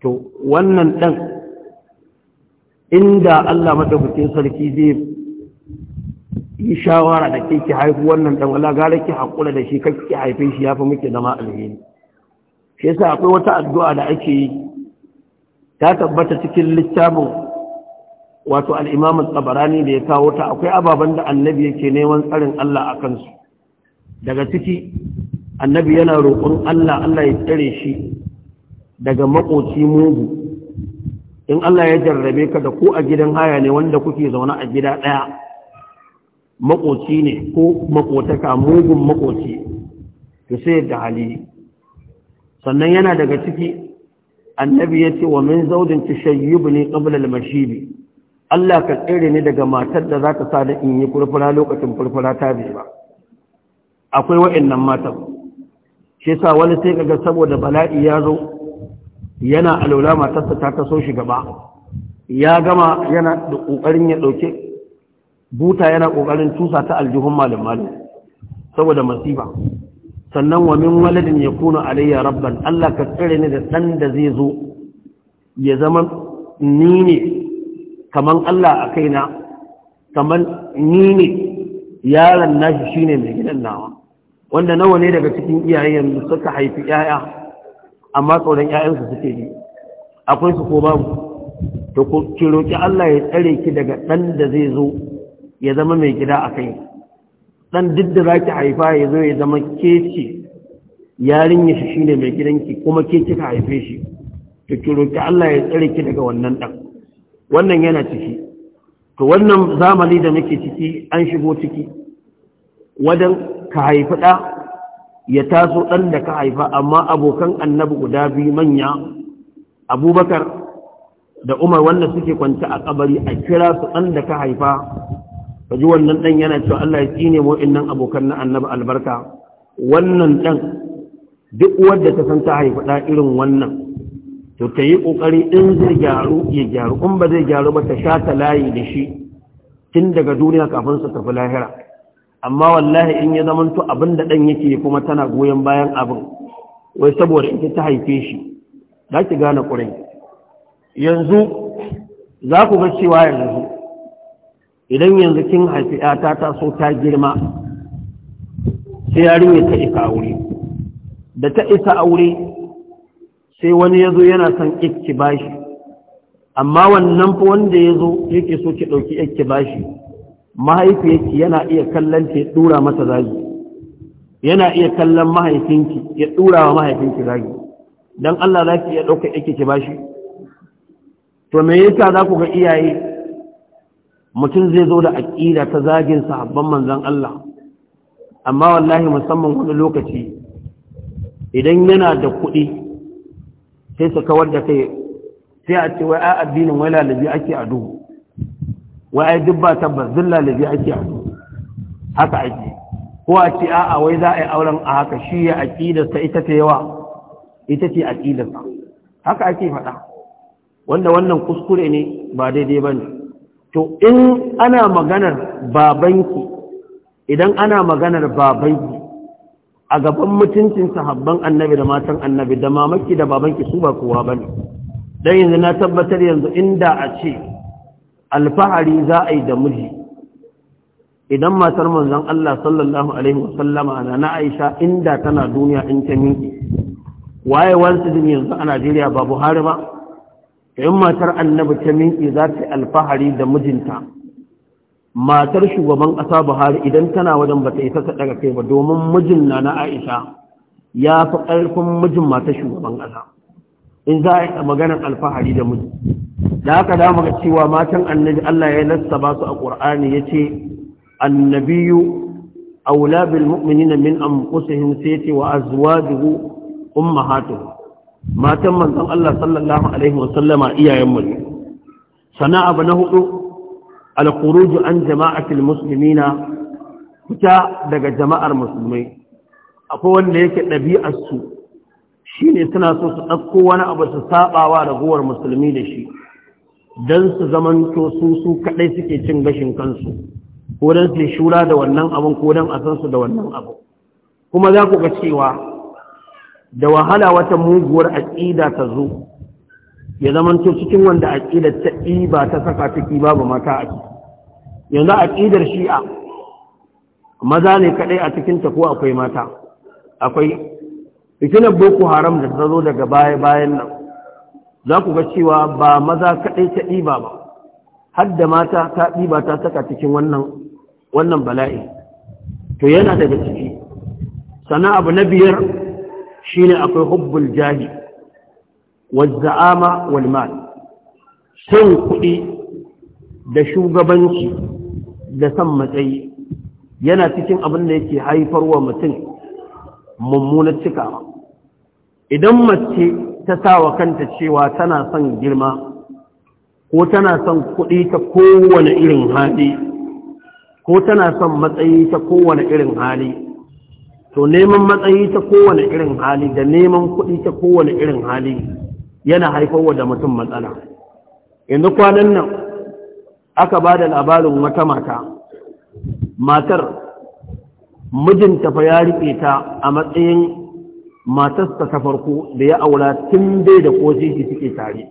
to wannan ɗan inda allah madaukakin sarki zai yi shawara da ke ki haifu wannan dan wala gara ki haƙura da shi kake ki haife shi yafi muke zama alheri shi yasa akwai wata addu'a da ake yi ta tabbata cikin littafin wato al tsabarani da ya kawo ta akwai ababen da annabi yake neman tsarin Allah akan su daga ciki annabi yana roƙon Allah Allah ya tsare shi daga makoci mugu in Allah ya jarrabe ka da ku a gidan haya ne wanda kuke zaune a gida ɗaya makoci ne ko makotaka mugun makoci to sai da hali sannan yana daga ciki annabi ya ce wa min zaudin tashayyib ne qabla al-mashibi Allah ka tsere ni daga matar da za ka sa da in yi furfura lokacin furfura ta bi ba akwai wa'annan matan shi yasa wani sai kaga saboda bala'i ya zo yana alaula matarsa ta kaso shi gaba ya gama yana da kokarin ya dauke buta yana ƙoƙarin tusa ta aljihun malam malam saboda masifa sannan wa min waladin yakunu alayya rabban Allah ka tsare ni da dan da zai zo ya zama ni ne kamar Allah a kaina kamar ni ne yaron nashi shine mai gidan nawa wanda nawa ne daga cikin iyayen da suka haifi yaya amma tsoron yayansu suke yi akwai su ko babu to ki roki Allah ya tsare ki daga dan da zai zo ya zama mai gida a kai ɗan duk da za ki haifa ya zo ya zama ke yarin ya shi ne mai gidanki kuma ke ka haife shi ki roki Allah ya tsare ki daga wannan ɗan wannan yana ciki to wannan zamani da muke ciki an shigo ciki wadan ka haifi ɗa ya taso ɗan da ka haifa amma abokan annabi guda biyu manya abubakar da umar wanda suke kwanci a kabari a kira su ɗan da ka haifa kaji wannan dan yana cewa Allah ya tsine mu innan abokan na annabi albarka wannan dan duk wanda ta san ta haifi da irin wannan to ta yi kokari in zai gyaru ya gyaru in ba zai gyaru ba ta sha ta layi da shi tun daga duniya kafin su tafi lahira amma wallahi in ya zamanto abin da dan yake kuma tana goyon bayan abin wai saboda ita ta haife shi za ki gane ƙurai yanzu za ku ga cewa yanzu idan yanzu kin haifi ta taso ta girma sai yarinya ta isa aure da ta isa aure sai wani ya zo yana son ikki bashi amma wannan fa wanda ya zo yake so ki ɗauki ikki bashi mahaifiyarki yana iya kallon ta ya ɗura mata zagi yana iya kallon mahaifinki ya ɗura wa mahaifinki zagi don Allah za ki iya ɗauka ikki ki bashi to me yasa za ku ga iyaye mutum zai zo da aƙida ta zagin sahabban manzan Allah amma wallahi musamman wani lokaci idan yana da kuɗi sai su kawar da kai sai a ce wai a addinin wai lalabi ake a duhu wai ai duk ba tabbas duk lalabi ake a duhu haka ake ko a ce a'a wai za a yi auren a haka shi ya aƙidarsa ita ta yawa ita ce aƙidarsa haka ake faɗa wanda wannan kuskure ne ba daidai ba ne to in ana maganar babanki idan ana maganar babanki a gaban mutuncin sahabban annabi da matan annabi da mamaki da babanki su ba kowa ba ne. dan yanzu na tabbatar yanzu inda a ce alfahari za a yi da miji idan matar manzon Allah sallallahu alaihi wasallama ana na Aisha inda tana duniya in ta miki waye wani din yanzu a Najeriya ba Buhari ba in matar annabi ta minki za ta alfahari da mijinta matar shugaban ƙasa buhari idan tana wajen ba ta isa ta daga kai ba domin mijin na na aisha ya fi ƙarfin mijin matar shugaban ƙasa in za a yi maganar alfahari da miji da haka da cewa matan annabi allah ya lasta ba su a ƙur'ani ya ce annabiyu aula bil mu'minina min anfusihim sai ce wa azwajuhu ummahatuhum matan manzon Allah sallallahu alaihi wasallama iyayen mu sana abu na hudu al-khuruj an al muslimina fita daga jama'ar musulmai akwai wanda yake dabi'ar su shine suna so su ɗauko wani abu su sabawa ragowar musulmi da shi dan su to su su kadai suke cin gashin kansu ko dan su shura da wannan abun ko dan a san su da wannan abu kuma za ku ga cewa da wahala wata muguwar aƙida ta zo ya zamanto cikin wanda aƙidar ta ɗiba ta saka ciki babu mata a ciki yanzu aƙidar shi'a maza ne kaɗai a ta ko akwai mata akwai fitinar boko haram da ta zo daga baya-bayan nan za ku ga cewa ba maza kaɗai ta ɗiba ba har da mata ta ɗiba ta saka cikin wannan wannan bala'i to yana daga ciki sana abu na biyar shine akwai hubbul jahi wazza'ama wal mal kuɗi da shugabanci da san matsayi yana cikin abin da yake haifarwa mutum mummunar cikawa idan mace ta sawa kanta cewa tana son girma ko tana son kuɗi ta kowane irin hali ko tana son matsayi ta kowane irin hali to neman matsayi ta kowane irin hali da neman kuɗi ta kowane irin hali yana haifar wa da mutum matsala yanzu kwanan nan aka ba da labarin wata mata matar mijinta fa ya riƙe ta a matsayin matarsa ta farko da ya aura tun bai da koshi suke tare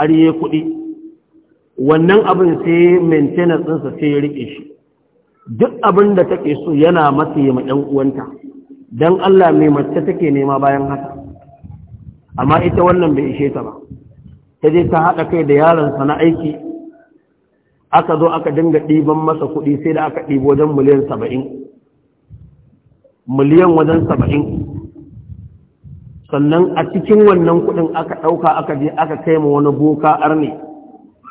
har yi kuɗi wannan abin sai maintenance ɗinsa sai ya riƙe shi duk abin da take so yana mafi yi ma uwanta don Allah mai mace take nema bayan haka amma ita wannan bai ishe ta ba ta je ta haɗa kai da yaransa na aiki aka zo aka dinga ɗiban masa kuɗi sai da aka ɗibo wajen miliyan saba'in miliyan wajen saba'in sannan a cikin wannan kuɗin aka ɗauka aka je aka kai ma wani boka arne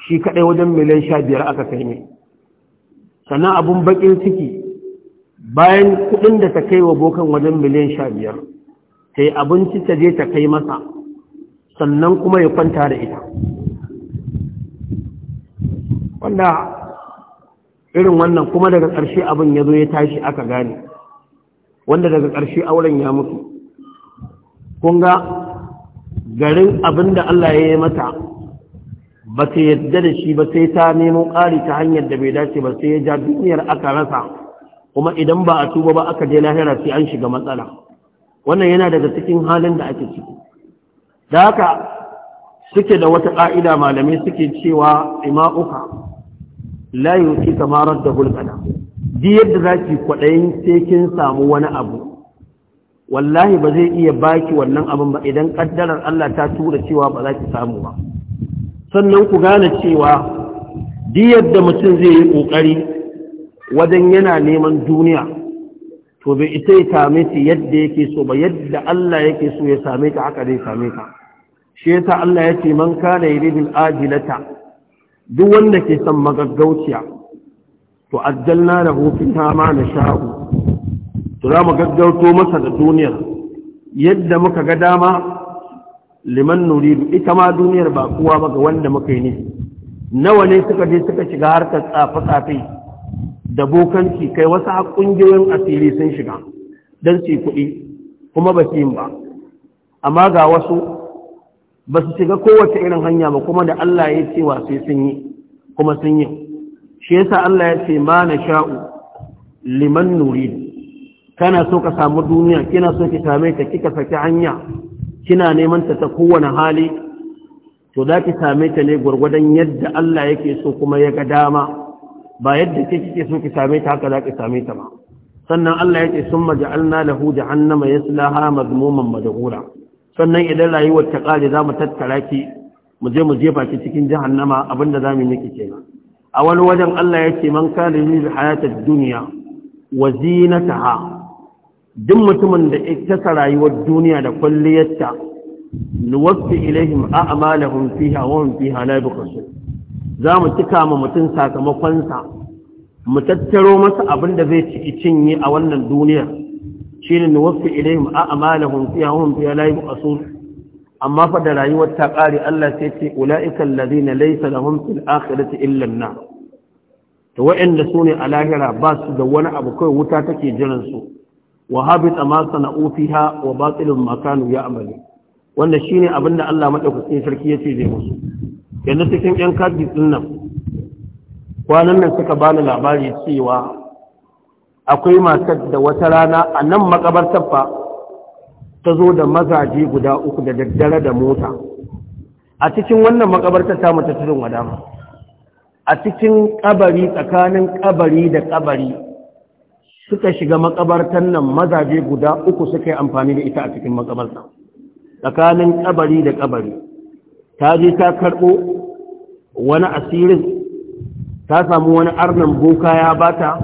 shi kaɗai wajen miliyan sha biyar aka kai mai sannan abin bakin ciki bayan kudin da ta kai wa bokan wajen miliyan sha biyar ta yi abinci ta je ta kai masa sannan kuma ya kwanta da ita wanda irin wannan kuma daga ƙarshe abin ya zo ya tashi aka gane wanda daga ƙarshe auren ya mutu kunga garin abin da Allah ya yi mata ba ta yadda da shi ba sai ta nemo ƙari ta hanyar da bai dace ba sai ya ja duniyar aka rasa kuma idan ba a tuba ba aka je lahira sai an shiga matsala wannan yana daga cikin halin da ake ciki da haka suke da wata ƙa'ida malamai suke cewa ima'uka la yuti kamarar da hulkada di yadda za ki kwaɗayin sai kin samu wani abu wallahi ba zai iya baki wannan abin ba idan ƙaddarar Allah ta tura cewa ba za ki samu ba sannan ku gane cewa diyar da mutum zai yi ƙoƙari wajen yana neman duniya to bai ita ya same ta yadda yake so ba yadda Allah yake so ya same ta haka zai same ta shi yasa Allah ya ce man kana yuridul ajilata duk wanda ke son magaggauciya to ajjalna lahu fiha ma nasha'u to za mu gaggauto masa da duniyar yadda muka ga dama liman nuridu ita ma duniyar ba kowa ba ga wanda muka yi nufi nawa ne suka je suka shiga harkar tsafe-tsafe da bokanci kai wasu kungiyoyin asiri sun shiga don su kuɗi kuma ba su yin ba amma ga wasu ba su shiga kowace irin hanya ba kuma da Allah ya ce wa sai sun yi kuma sun yi shi yasa Allah ya ce ma na sha'u liman nuridu kana so ka samu duniya kina so ki same ta kika saki hanya kina neman ta ta kowane hali to za ki same ta ne gwargwadon yadda Allah yake so kuma ya ga dama ba yadda ke kike so ki same ta haka za ki same ta ba sannan Allah yake sun maja'alna lahu jahannama yaslaha mazmuman madhura sannan idan rayuwar ta kare za mu tattara ki mu je mu jefa ki cikin jahannama abinda za mu miki kenan a wani wajen Allah yake man kana lil hayatid dunya wa zinataha duk mutumin da ita rayuwar duniya da kwalliyarta nuwaffi ilaihim a'malahum fiha wa hum fiha la yubqasun za mu cika ma mutum sakamakonsa mu tattaro masa abin da zai ci cinye a wannan duniya shine nuwaffi ilaihim a'malahum fiha wa hum fiha la yubqasun amma fa da rayuwar ta kare Allah sai ce ulaika alladhina laysa lahum fil akhirati illa an-nar to wa'anda sune a lahira ba su da wani abu kai wuta take jiran su wa habita ma sana'u fiha wa batilun ma kanu ya'malu wanda shine abin da Allah madaukakin sarki yace zai musu yanzu cikin yan kaji din nan kwanan nan suka bani labari cewa akwai matar da wata rana a nan makabartar fa ta zo da mazaje guda uku da daddare da mota a cikin wannan makabartar ta mata tudun wadama a cikin kabari tsakanin kabari da kabari suka shiga makabartan nan mazaje guda uku suka yi amfani da ita a cikin makabarta tsakanin kabari da kabari ta je ta karɓo wani asirin ta samu wani arnan boka ya bata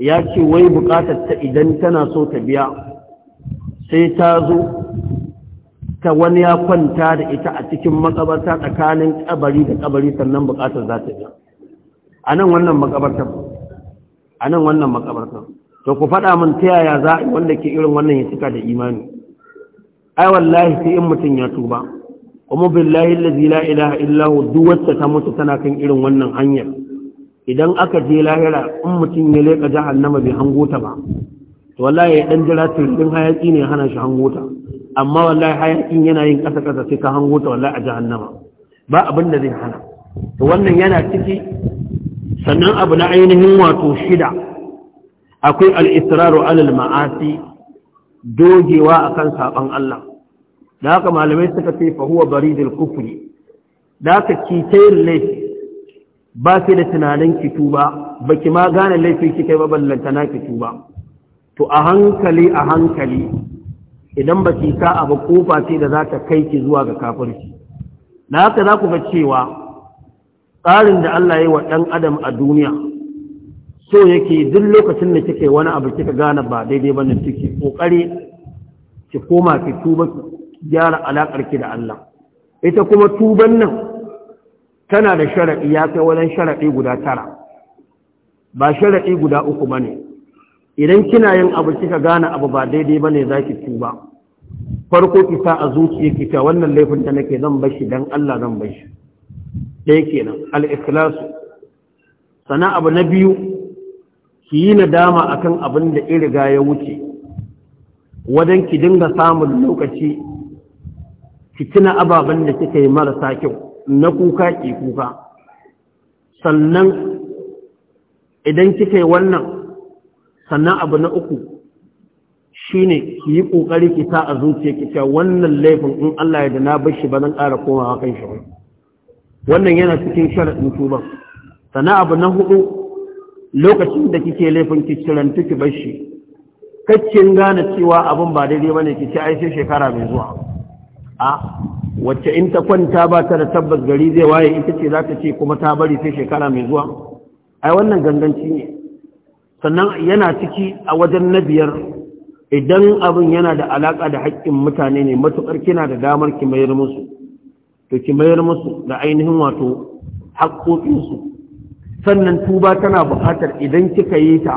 ya ce wai bukatar ta idan tana so ta biya sai ta zo ta wani ya kwanta da ita a cikin makabarta tsakanin kabari da kabari sannan bukatar za ta biya a nan wannan makabartar a nan wannan makabarta to ku faɗa min ta yaya za a wanda ke irin wannan ya cika da imani ai wallahi sai in mutum ya tuba kuma billahi allazi la ilaha illa hu duk wacce ta mutu tana kan irin wannan hanyar idan aka je lahira in mutum ya leka jahannama bai hango ta ba to wallahi dan jira tirdin hayaki ne hana shi hango ta amma wallahi hayakin yana yin kasa kasa sai ka hango ta wallahi a jahannama ba abin da zai hana to wannan yana ciki sannan abu na ainihin wato shida akwai al’isirar alal alalma'asi, dogewa a kan saɓon Allah da haka malamai suka ce fahuwa bari da kufuri da haka kitayin laifi ba ke da tunanin kitu ba ba ki ma gane laifi ki kai baballanta na kitu ba to a hankali a hankali idan ba ki sa abu kofa ce da za ta kai ki zuwa ga kafirci da haka za ku ga cewa tsarin da Allah ya yi wa ɗan adam a duniya so yake duk lokacin da kike wani abu kika gane ba daidai ba ne kike kokari ki koma ki tuba ki gyara alakar ki da Allah ita kuma tuban nan tana da sharadi ya kai wajen sharadi guda tara ba sharadi guda uku bane idan kina yin abu kika gane abu ba daidai bane zaki tuba farko ki sa a zuciya ki ta wannan laifin da nake zan bar shi dan Allah zan bar shi ɗaya kenan al-ikhlasu sana abu na biyu ki yi nadama kan abin da iriga ga ya wuce wajen ki dinga samun lokaci ki tuna ababen da kika yi marasa kyau na kuka ki kuka sannan idan kika yi wannan sannan abu na uku shi ne ki yi kokari ki sa a zuciya ki wannan laifin in Allah ya da na bashi ba zan ƙara komawa kan shi wani wannan yana cikin sharaɗin tuba. sana abu na hudu lokacin da kike laifin ki tuki ki shi kaccin gane cewa abin ba daidai bane ki ci ai sai shekara mai zuwa a wacce in ta kwanta ba ta da tabbas gari zai waye ita ce za ta ce kuma ta bari sai shekara mai zuwa ai wannan ganganci ne sannan yana ciki a wajen na biyar idan abin yana da alaka da haƙƙin mutane ne matuƙar kina da damar ki mayar musu to ki mayar musu da ainihin wato haƙƙoƙinsu sannan tuba tana buƙatar idan kika yi ta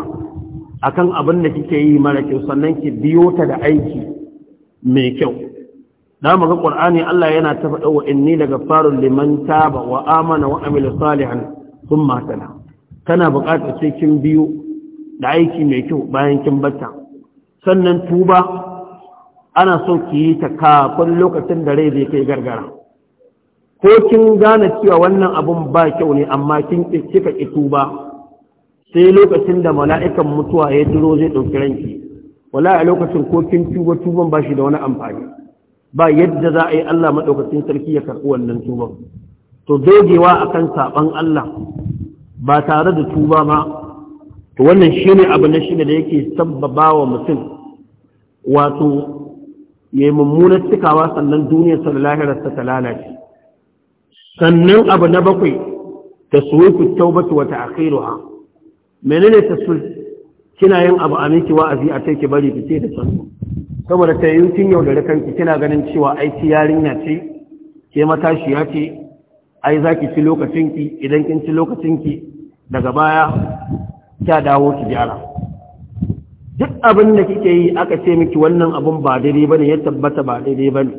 akan abin da kike yi mara kyau sannan ki biyo ta da aiki mai kyau da mu ga qur'ani Allah yana ta faɗa wa inni lagafarul liman taba wa amana wa amila salihan thumma tana tana buƙatar sai kin biyo da aiki mai kyau bayan kin batta sannan tuba ana so ki yi ta kafin lokacin da rai zai kai gargara ko kin gane cewa wannan abun ba kyau ne amma kin kika kitu ba sai lokacin da mala'ikan mutuwa ya duro zai ɗauki ranki wala lokacin ko kin tuba tuban ba da wani amfani ba yadda za a yi Allah maɗaukacin sarki ya karɓi wannan tuban to dogewa akan saban Allah ba tare da tuba ma to wannan shine abu na shine da yake sabbaba wa mutum wato ya yi mummunar cikawa sannan duniyarsa da lahirarsa ta lalace sannan abu na bakwai ta ku taubatu mene ne menene taswif kina yin abu a miki wa'azi a take bari fice da sun saboda ta yi kin yau da rikanki kina ganin cewa aiki yarinya ce ke ya ce ai za ki ci lokacinki idan kin ci lokacinki daga baya kya dawo ki gyara duk abin da kike yi aka ce miki wannan abun ba daidai bane ya tabbata ba daidai bane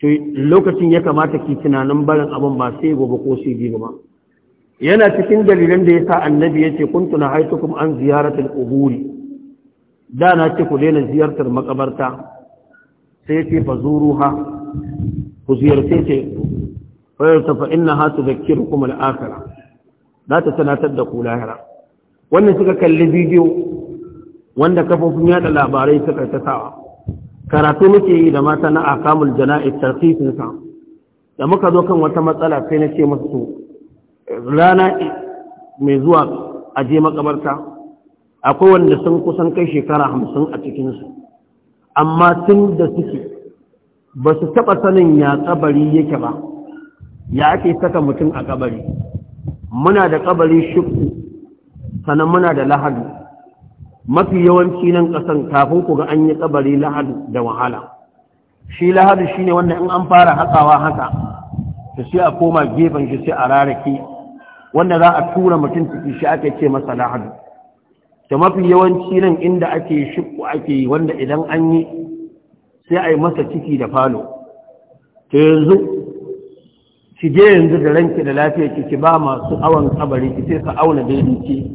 to lokacin ya kamata ki tunanin barin abin ba sai gobe ko sai biyu ba yana cikin dalilan da yasa annabi yace kuntuna haitukum an ziyaratul quburi da na ce ku daina ziyartar makabarta sai yace fazuruha ku ziyarce ce fa fa innaha tudhakkirukum al-akhirah da ta sanatar da ku lahira wannan suka kalli bidiyo wanda kafofin yada labarai suka ta karatu muke yi da mata na akamul jana'iz tarqisin sa da muka zo kan wata matsala sai na ce musu rana mai zuwa a je makabarta akwai wanda sun kusan kai shekara hamsin a cikinsu amma tun da suke ba su taɓa sanin ya kabari yake ba ya ake saka mutum a kabari muna da kabari shukku sannan muna da lahadi. mafi yawanci nan ƙasan kafin ku ga an yi kabari lahadu da wahala shi lahadu shi ne wanda in an fara hakawa haka to sai a koma gefen shi sai a rarake wanda za a tura mutum ciki shi ake ce masa lahadu da mafi yawanci nan inda ake shiku ake yi wanda idan an yi sai a yi masa ciki da falo ta yanzu ki je yanzu da ranki da lafiya ki ba masu awon kabari ki sai ka auna ki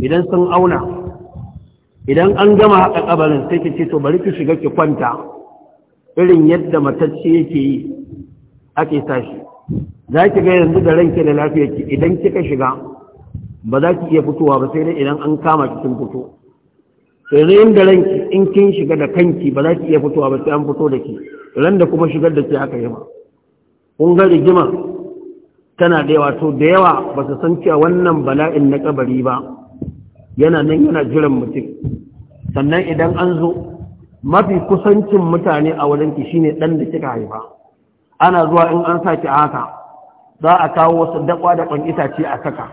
idan sun auna idan an gama haka kabarin sai ki ce to bari ki shiga ki kwanta irin yadda matacce yake yi ake tashi za ki ga yanzu da ranki da lafiyarki idan kika shiga ba za ki iya fitowa ba sai dai idan an kama ki kin fito sai dai inda ranki in kin shiga da kanki ba za ki iya fitowa ba sai an fito da ki ran da kuma shigar da ke aka yi ma kun ga rigima tana da yawa to da yawa ba su san cewa wannan bala'in na kabari ba yana nan yana jiran mutum sannan idan an zo mafi kusancin mutane a ki shine dan da kika haifa ana zuwa in an saki haka za a kawo wasu dakwa da kan itace a saka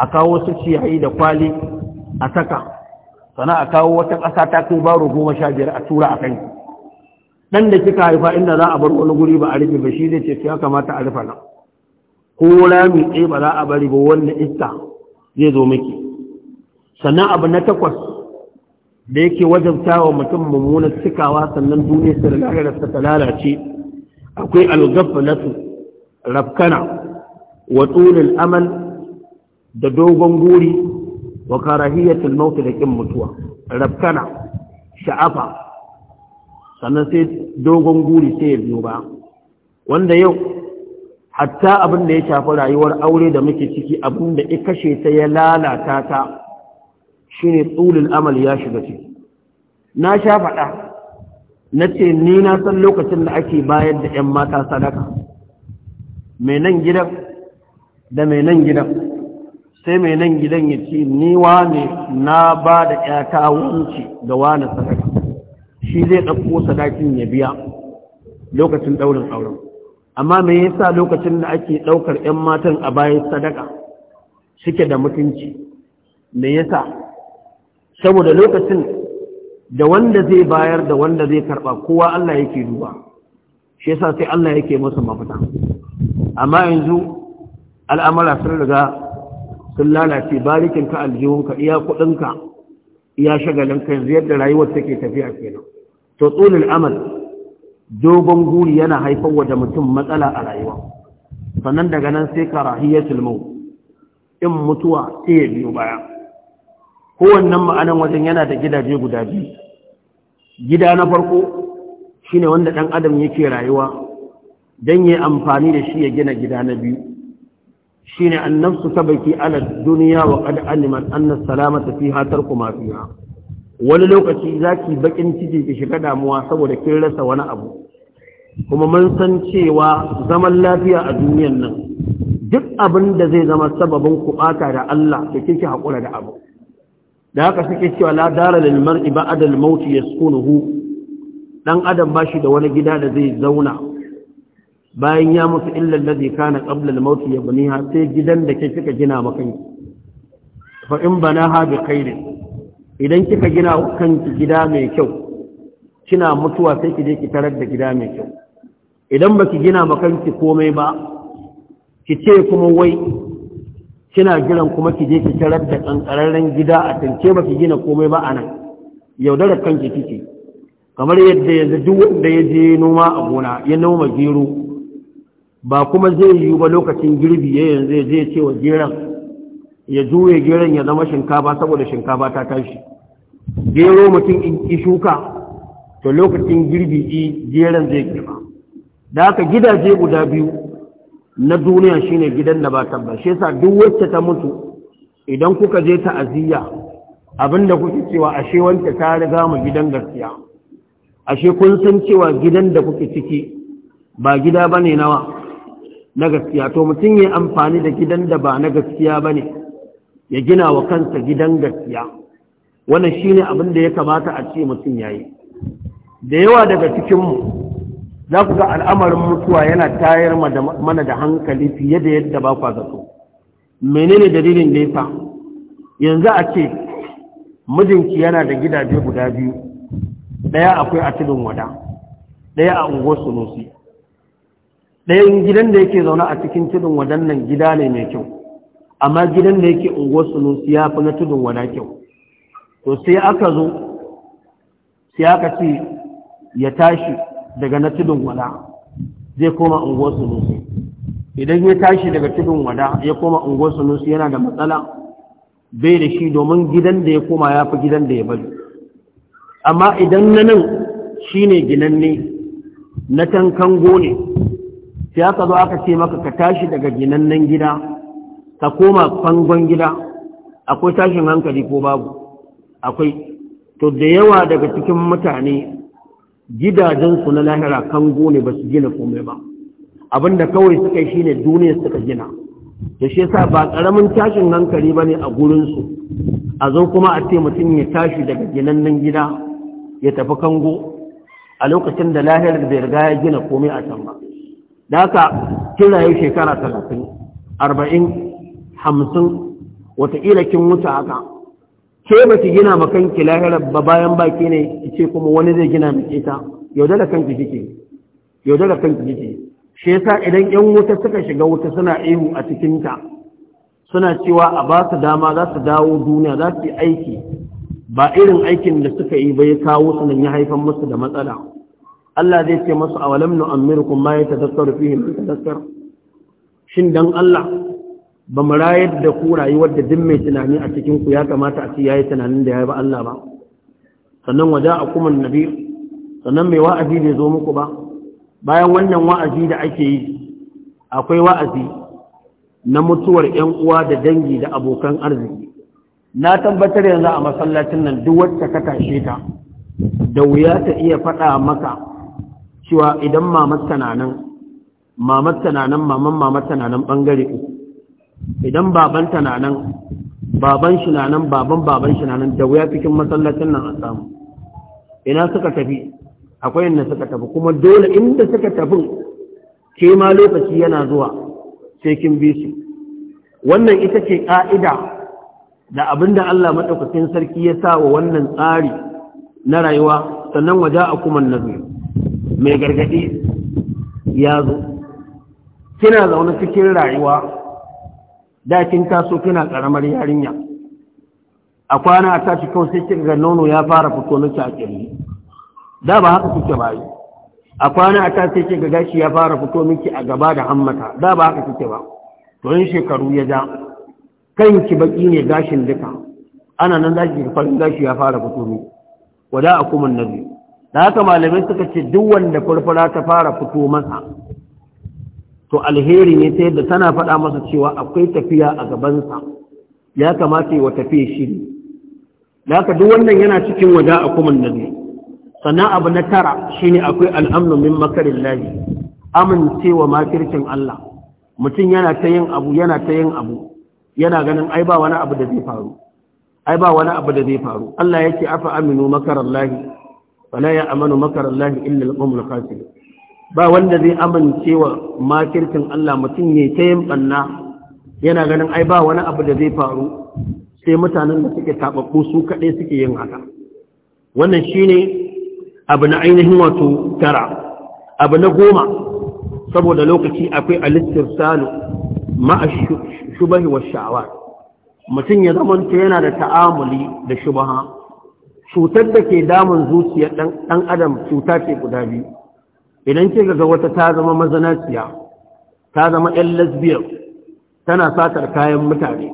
a kawo wasu ciyayi da kwali a saka sana a kawo wata ƙasa ta kai baro goma sha biyar a tura a kanki dan da kika haifa inda za a bar wani guri ba a rufe ba shi zai ce ya kamata a rufe nan ko rami ɗaya ba za a bari ba wanda iska zai zo miki sannan abu na takwas da yake wajabta wa mutum mummunan cikawa sannan duniya su lalata, ta lalace akwai algafalatu rafkana wa tsulin amal da dogon guri wa karahiyatul maut da kin mutuwa rafkana sha'afa sannan sai dogon guri sai ya biyo ba wanda yau hatta abin da ya shafi rayuwar aure da muke ciki abin da ya kashe ta ya lalata ta shine tsulin amal ya shiga ce. na sha faɗa na ce ni na san lokacin da ake bayar da 'yan mata sadaka mai nan gidan da mai nan gidan sai mai nan gidan ya ce ni wane na ba da 'yata wunci da wane sadaka shi zai ɗauko sadakin ya biya lokacin ɗaurin auren amma me yasa lokacin da ake ɗaukar 'yan matan a bayan sadaka suke da mutunci me yasa saboda lokacin da wanda zai bayar da wanda zai karba kowa Allah yake duba shi yasa sai Allah yake masa mafita amma yanzu al'amara sun riga sun lalace barikin ka aljihunka iya kuɗinka, iya shagalinka yanzu yadda rayuwar take tafiya kenan to tsulul amal dogon guri yana haifar wa da mutum matsala a rayuwa sannan daga nan sai karahiyatul mau in mutuwa sai ya biyo baya kowannan ma'anan wajen yana da gidaje guda biyu gida na farko shine wanda ɗan adam yake rayuwa don yi amfani da shi ya gina gida na biyu shine annafsu tabaki ala duniya wa qad alimat anna salamata fiha tarku ma fiha wani lokaci zaki bakin ciki ki shiga damuwa saboda kin rasa wani abu kuma mun san cewa zaman lafiya a duniyan nan duk abin da zai zama sababin kubata da Allah da kike hakura da abu da haka suke cewa la dara lil mar'i ba'da al maut yaskunuhu dan adam bashi da wani gida da zai zauna bayan ya mutu illa alladhi kana qabla al maut yabniha sai gidan da ke kika gina makan fa in banaha bi khairin idan kika gina kanki gida mai kyau kina mutuwa sai ki je ki tarar da gida mai kyau idan baki gina kanki komai ba ki ce kuma wai kina jiran kuma ki je ki tarar da kankararren gida a tance ba ki gina komai ba a nan yaudarar kanki kike kamar yadda yanzu duk wanda ya je noma a gona ya noma gero ba kuma zai yiwu ba lokacin girbi ya yanzu ya je ce wa geron ya juye geran ya zama shinkafa saboda shinkafa ta tashi gero mutum in ki shuka to lokacin girbi i geran zai girma da haka gidaje guda biyu na duniya shine gidan da ba tabba shi yasa duk wacce ta mutu idan kuka je ta'aziyya abinda kuke cewa ashe wanda ta riga mu gidan gaskiya ashe kun san cewa gidan da kuke ciki ba gida bane nawa na gaskiya to mutum ya amfani da gidan da ba na gaskiya bane ya gina wa kansa gidan gaskiya wannan shine abinda ya kamata a ce mutum yayi da yawa daga cikin mu za ku ga al'amarin mutuwa yana tayar mana da hankali fiye da yadda ba kwa zato menene dalilin da fa? yanzu a ce mijinki yana da gidaje guda biyu ɗaya akwai a tudun wada ɗaya a unguwar sunusi ɗayan gidan da yake zaune a cikin tudun wadan nan gida ne mai kyau amma gidan da yake unguwar sunusi ya fi na tudun wada kyau to sai aka zo sai aka ce ya tashi daga na tudun wada zai koma unguwar sunusi idan ya tashi daga tudun wada ya koma unguwar sunusi yana da matsala bai da shi domin gidan da ya koma ya fi gidan da ya bari amma idan na nan shi ne ginanne na tankango ne sai aka zo aka ce maka ka tashi daga ginannen gida ka koma fangon gida akwai tashin hankali ko babu akwai to da yawa daga cikin mutane gidajensu na lahira kango ne ba su gina komai ba abin da kawai suka yi shine duniya suka gina da shi yasa ba karamin tashin hankali ba ne a gurinsu a zo kuma a ce mutum ya tashi daga ginannen gida ya tafi kango a lokacin da lahirar bai riga ya gina komai a can ba da haka yi shekara talatin arba'in hamsin watakila kin wuce haka ke ba ki gina ma kanki lahirar ba bayan baki ne ce kuma wani zai gina miki ta yaudar da kanki kike yaudar kanki kike shi yasa idan yan wuta suka shiga wuta suna ihu a cikin ta suna cewa a ba su dama za su dawo duniya za su yi aiki ba irin aikin da suka yi ba ya kawo su nan ya haifar musu da matsala Allah zai ce masu awalam nu amirkum ma yatadakkaru fihi tadakkar shin dan Allah ba mu rayar da ku rayuwar da duk mai tunani a cikin ku ya kamata a ce yayi tunanin da yayi ba Allah ba sannan waja a kuma nabi sannan mai wa'azi bai zo muku ba bayan wannan wa'azi da ake yi akwai wa'azi na mutuwar ƴan uwa da dangi da abokan arziki na tabbatar yanzu a masallacin nan duk wacce ka tashe ta da wuya ta iya faɗa maka cewa idan mamat tananan mamat nan maman mamat nan bangare uku idan babanta na nan baban shi na nan baban baban shi na nan da wuya cikin masallacin nan a samu ina suka tafi akwai inda suka tafi kuma dole inda suka tafi ke ma lokaci yana zuwa sai kin bi su wannan ita ce ka'ida da abinda Allah madaukakin sarki ya sa wa wannan tsari na rayuwa sannan waje a kuma nazu mai gargadi ya zo kina zaune cikin rayuwa da kin taso kina karamar yarinya a kwana a tashi kawai sai kin ga nono ya fara fito miki a kirji da ba haka kike ba a kwana a tashi kika ga gashi ya fara fito miki a gaba da hammata da ba haka kike ba to in shekaru ya ja kanki baki ne gashin duka ana nan zaki ga farin gashi ya fara fito miki wada akumun nabi da haka malamai suka ce duk wanda furfura ta fara fito masa to alheri ne ta yadda tana faɗa masa cewa akwai tafiya a gabansa ya kamata wa tafiye shi ne. da haka duk wannan yana cikin waje a kuma nabi sannan abu na tara shi ne akwai al'amnu min makarin lahi amincewa makircin Allah mutum yana ta yin abu yana ta yin abu yana ganin ai ba wani abu da zai faru ai ba wani abu da zai faru Allah yake afa aminu makarar lahi wala ya amanu makarar lahi illa al-qawmul khasirun ba wanda zai amince wa makircin Allah mutum ne ta yin banna yana ganin ai ba wani abu da zai faru sai mutanen da suke taɓaɓɓu su kaɗai suke yin haka wannan shi ne abu na ainihin wato tara abu na goma saboda lokaci akwai alistar ma'a shubahi wa sha'awar mutum ya zamanta yana da ta'amuli da shubaha cutar da ke damun zuciyar ɗan adam cuta ce guda biyu idan ka ga wata ta zama mazanaciya ta zama ɗan lesbiyar, tana satar kayan mutane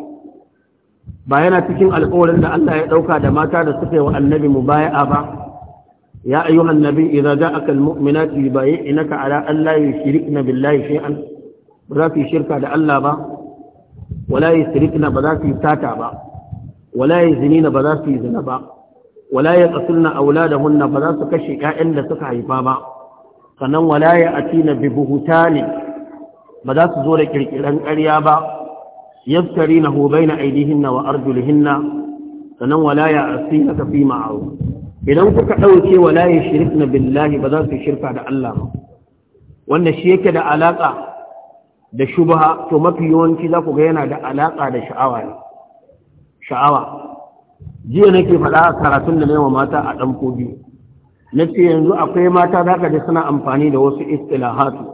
ba yana cikin alƙawarin da Allah ya ɗauka da mata da suka yi wa annabi mu baya ba ya ayyuhan nabi idan za a kalmu'minati baye inaka ala Allah ya shirikna billahi shay'an ba za su yi shirka da Allah ba wala ya shirikna ba za su yi tata ba wala ya zinina ba za su yi zina ba wala ya da auladahunna ba za su kashe ƴaƴan da suka haifa ba sannan walaya a tina bibuhuta ne ba za su zo da kirkiran ƙarya ba yaftari na hobai na aidihinna wa arjulihinna sannan walaya a tina ka fi ma'aru idan kuka ɗauke walaya shirk na billahi ba za su shirka da Allah ba wanda shi yake da alaƙa da shubha to mafi yawanci za ku ga yana da alaƙa da sha'awa sha'awa jiya nake faɗa a karatun da na yawa mata a ɗan biyu na ce yanzu akwai mata za ka ji suna amfani da wasu istilahatu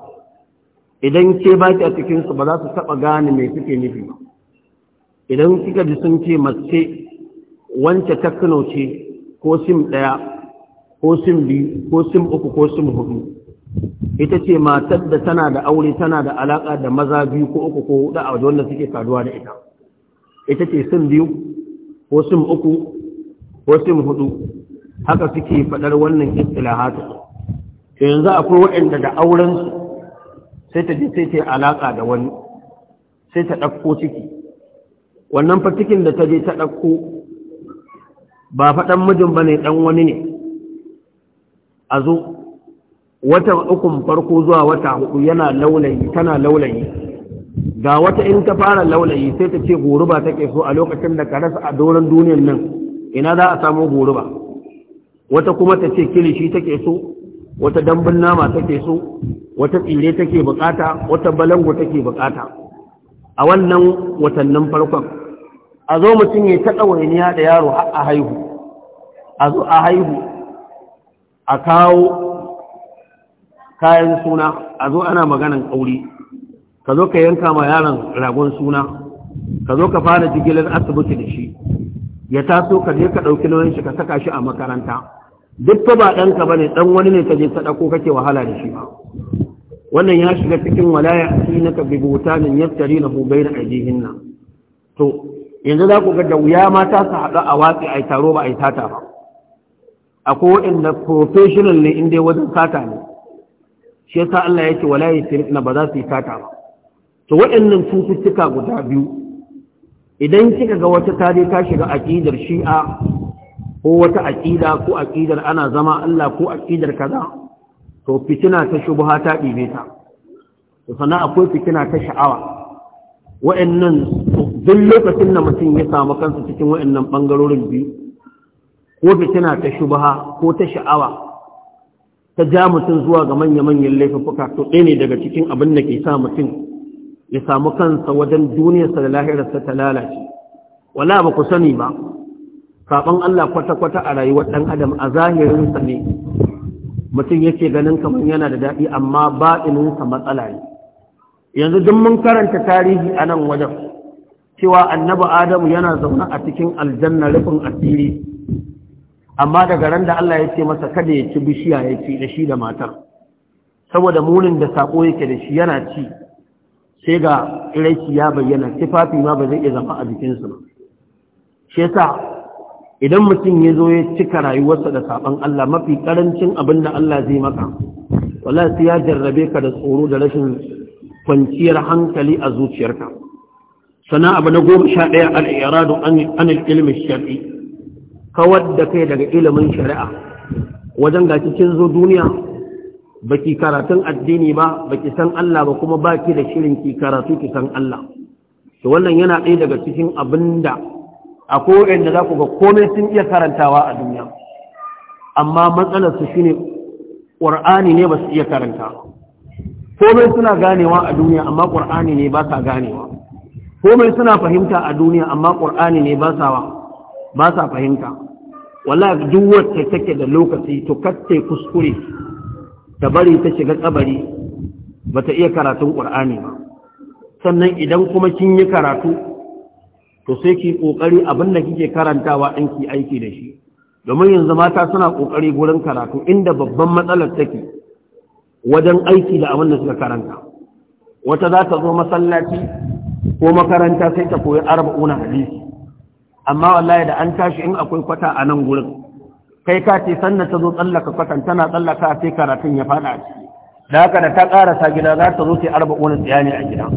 idan ke ba ki a cikinsu ba za su taɓa gane mai suke nufi idan kika ji sun ce mace wance takano ce ko sim ɗaya ko sim biyu ko sim uku ko sim hudu ita ce matar da tana da aure tana da alaƙa da maza biyu ko uku ko huɗu a wanda suke saduwa da ita ita ce sim biyu ko sim uku ko sim hudu haka suke faɗar wannan istilahatu to yanzu akwai waɗanda da auren sai ta je sai ta yi alaka da wani sai ta ɗauko ciki wannan fatikin da ta je ta ɗauko ba faɗan mijin ba ne ɗan wani ne a zo watan ukun farko zuwa wata hudu yana laulayi tana laulayi ga wata in ta fara laulayi sai ta ce goruba take so a lokacin da ka rasa a doron duniyar nan ina za a samu goruba wata kuma ta ce kilishi take so wata dambun nama take so wata tsire take bukata wata balango take bukata a wannan watannin farkon a zo mutum ya ta ɗawainiya da yaro a haihu a zo a haihu a kawo kayan suna a zo ana maganan ƙauri ka zo ka yanka ma yaron ragon suna ka zo ka fara jigilar asibiti da shi ya taso ka je ka ɗauki nauyin shi ka saka shi a makaranta duk fa ba ɗanka ba ne ɗan wani ne ka je ta ko kake wahala da shi wannan ya shiga cikin walaya a cikin naka bi butanin yaftari na hubai na ajihin nan to yanzu za ku ga da wuya mata su haɗu a watsi a taro ba a yi tata ba akwai waɗanda professional ne inda wajen tata ne shi yasa Allah ya ce wala ba za su yi tata ba to waɗannan cututtuka guda biyu idan kika ga wata ta ta shiga aƙidar shi'a ko wata aƙida ko aƙidar ana zama Allah ko aƙidar kaza to fitina ta shubha ta ɗibe ta to sannan akwai fitina ta sha'awa wa'annan duk lokacin da mutum ya samu kansa cikin wa'annan ɓangarorin biyu ko fitina ta shubha ko ta sha'awa ta ja mutum zuwa ga manya-manyan laifuka to ɗaya ne daga cikin abin da ke sa mutum ya samu kansa wajen duniyarsa da lahirarsa ta lalace wala ba ku sani ba saban Allah kwata-kwata a rayuwar ɗan adam a zahirinsa ne mutum yake ganin kamar yana da daɗi amma ba'ininsa matsala ne yanzu duk mun karanta tarihi a nan wajen cewa annabi adamu yana zaune a cikin aljanna rufin asiri amma daga ran da Allah ya ce masa kada ya ci bishiya ya ci da shi da matar saboda munin da sako yake da shi yana ci sai ga iraki ya bayyana tufafi ma ba zai iya zama a jikinsu ba shi yasa idan mutum ya zo ya cika rayuwarsa da saban Allah mafi karancin abin da Allah zai maka wallahi sai ya jarrabe ka da tsoro da rashin kwanciyar hankali a zuciyarka sana abu na goma sha ɗaya al'iradu an ilmi shari'i kawar da kai daga ilimin shari'a wajen ga kin zo duniya baki karatun addini ba baki san Allah ba kuma baki da shirin ki karatu ki san Allah to wannan yana ɗaya daga cikin abin da a kowai da za ku ga komai sun iya karantawa a duniya amma matsalarsu shi ne ƙwar'ani ne ba su iya karanta komai suna ganewa a duniya amma ƙwar'ani ne ba sa ganewa komai suna fahimta a duniya amma ƙwar'ani ne ba sa fahimta wala duk wacce take da lokaci to katte kuskure ta bari ta shiga tsabari ba ta iya karatun ƙwar'ani ba sannan idan kuma kin yi karatu to sai ki kokari abin da kike karantawa din ki aiki da shi domin yanzu mata suna kokari gurin karatu inda babban matsalar take wajen aiki da abin da suka karanta wata za ta zo masallaci ko makaranta sai ta koyi arba'una hadisi amma wallahi da an tashi in akwai kwata a nan gurin kai ka ce sannan ta zo tsallaka kwatan tana tsallaka sai karatun ya fada a ciki da haka da ta karasa gida za ta zo ta arba'una tsiyani a gida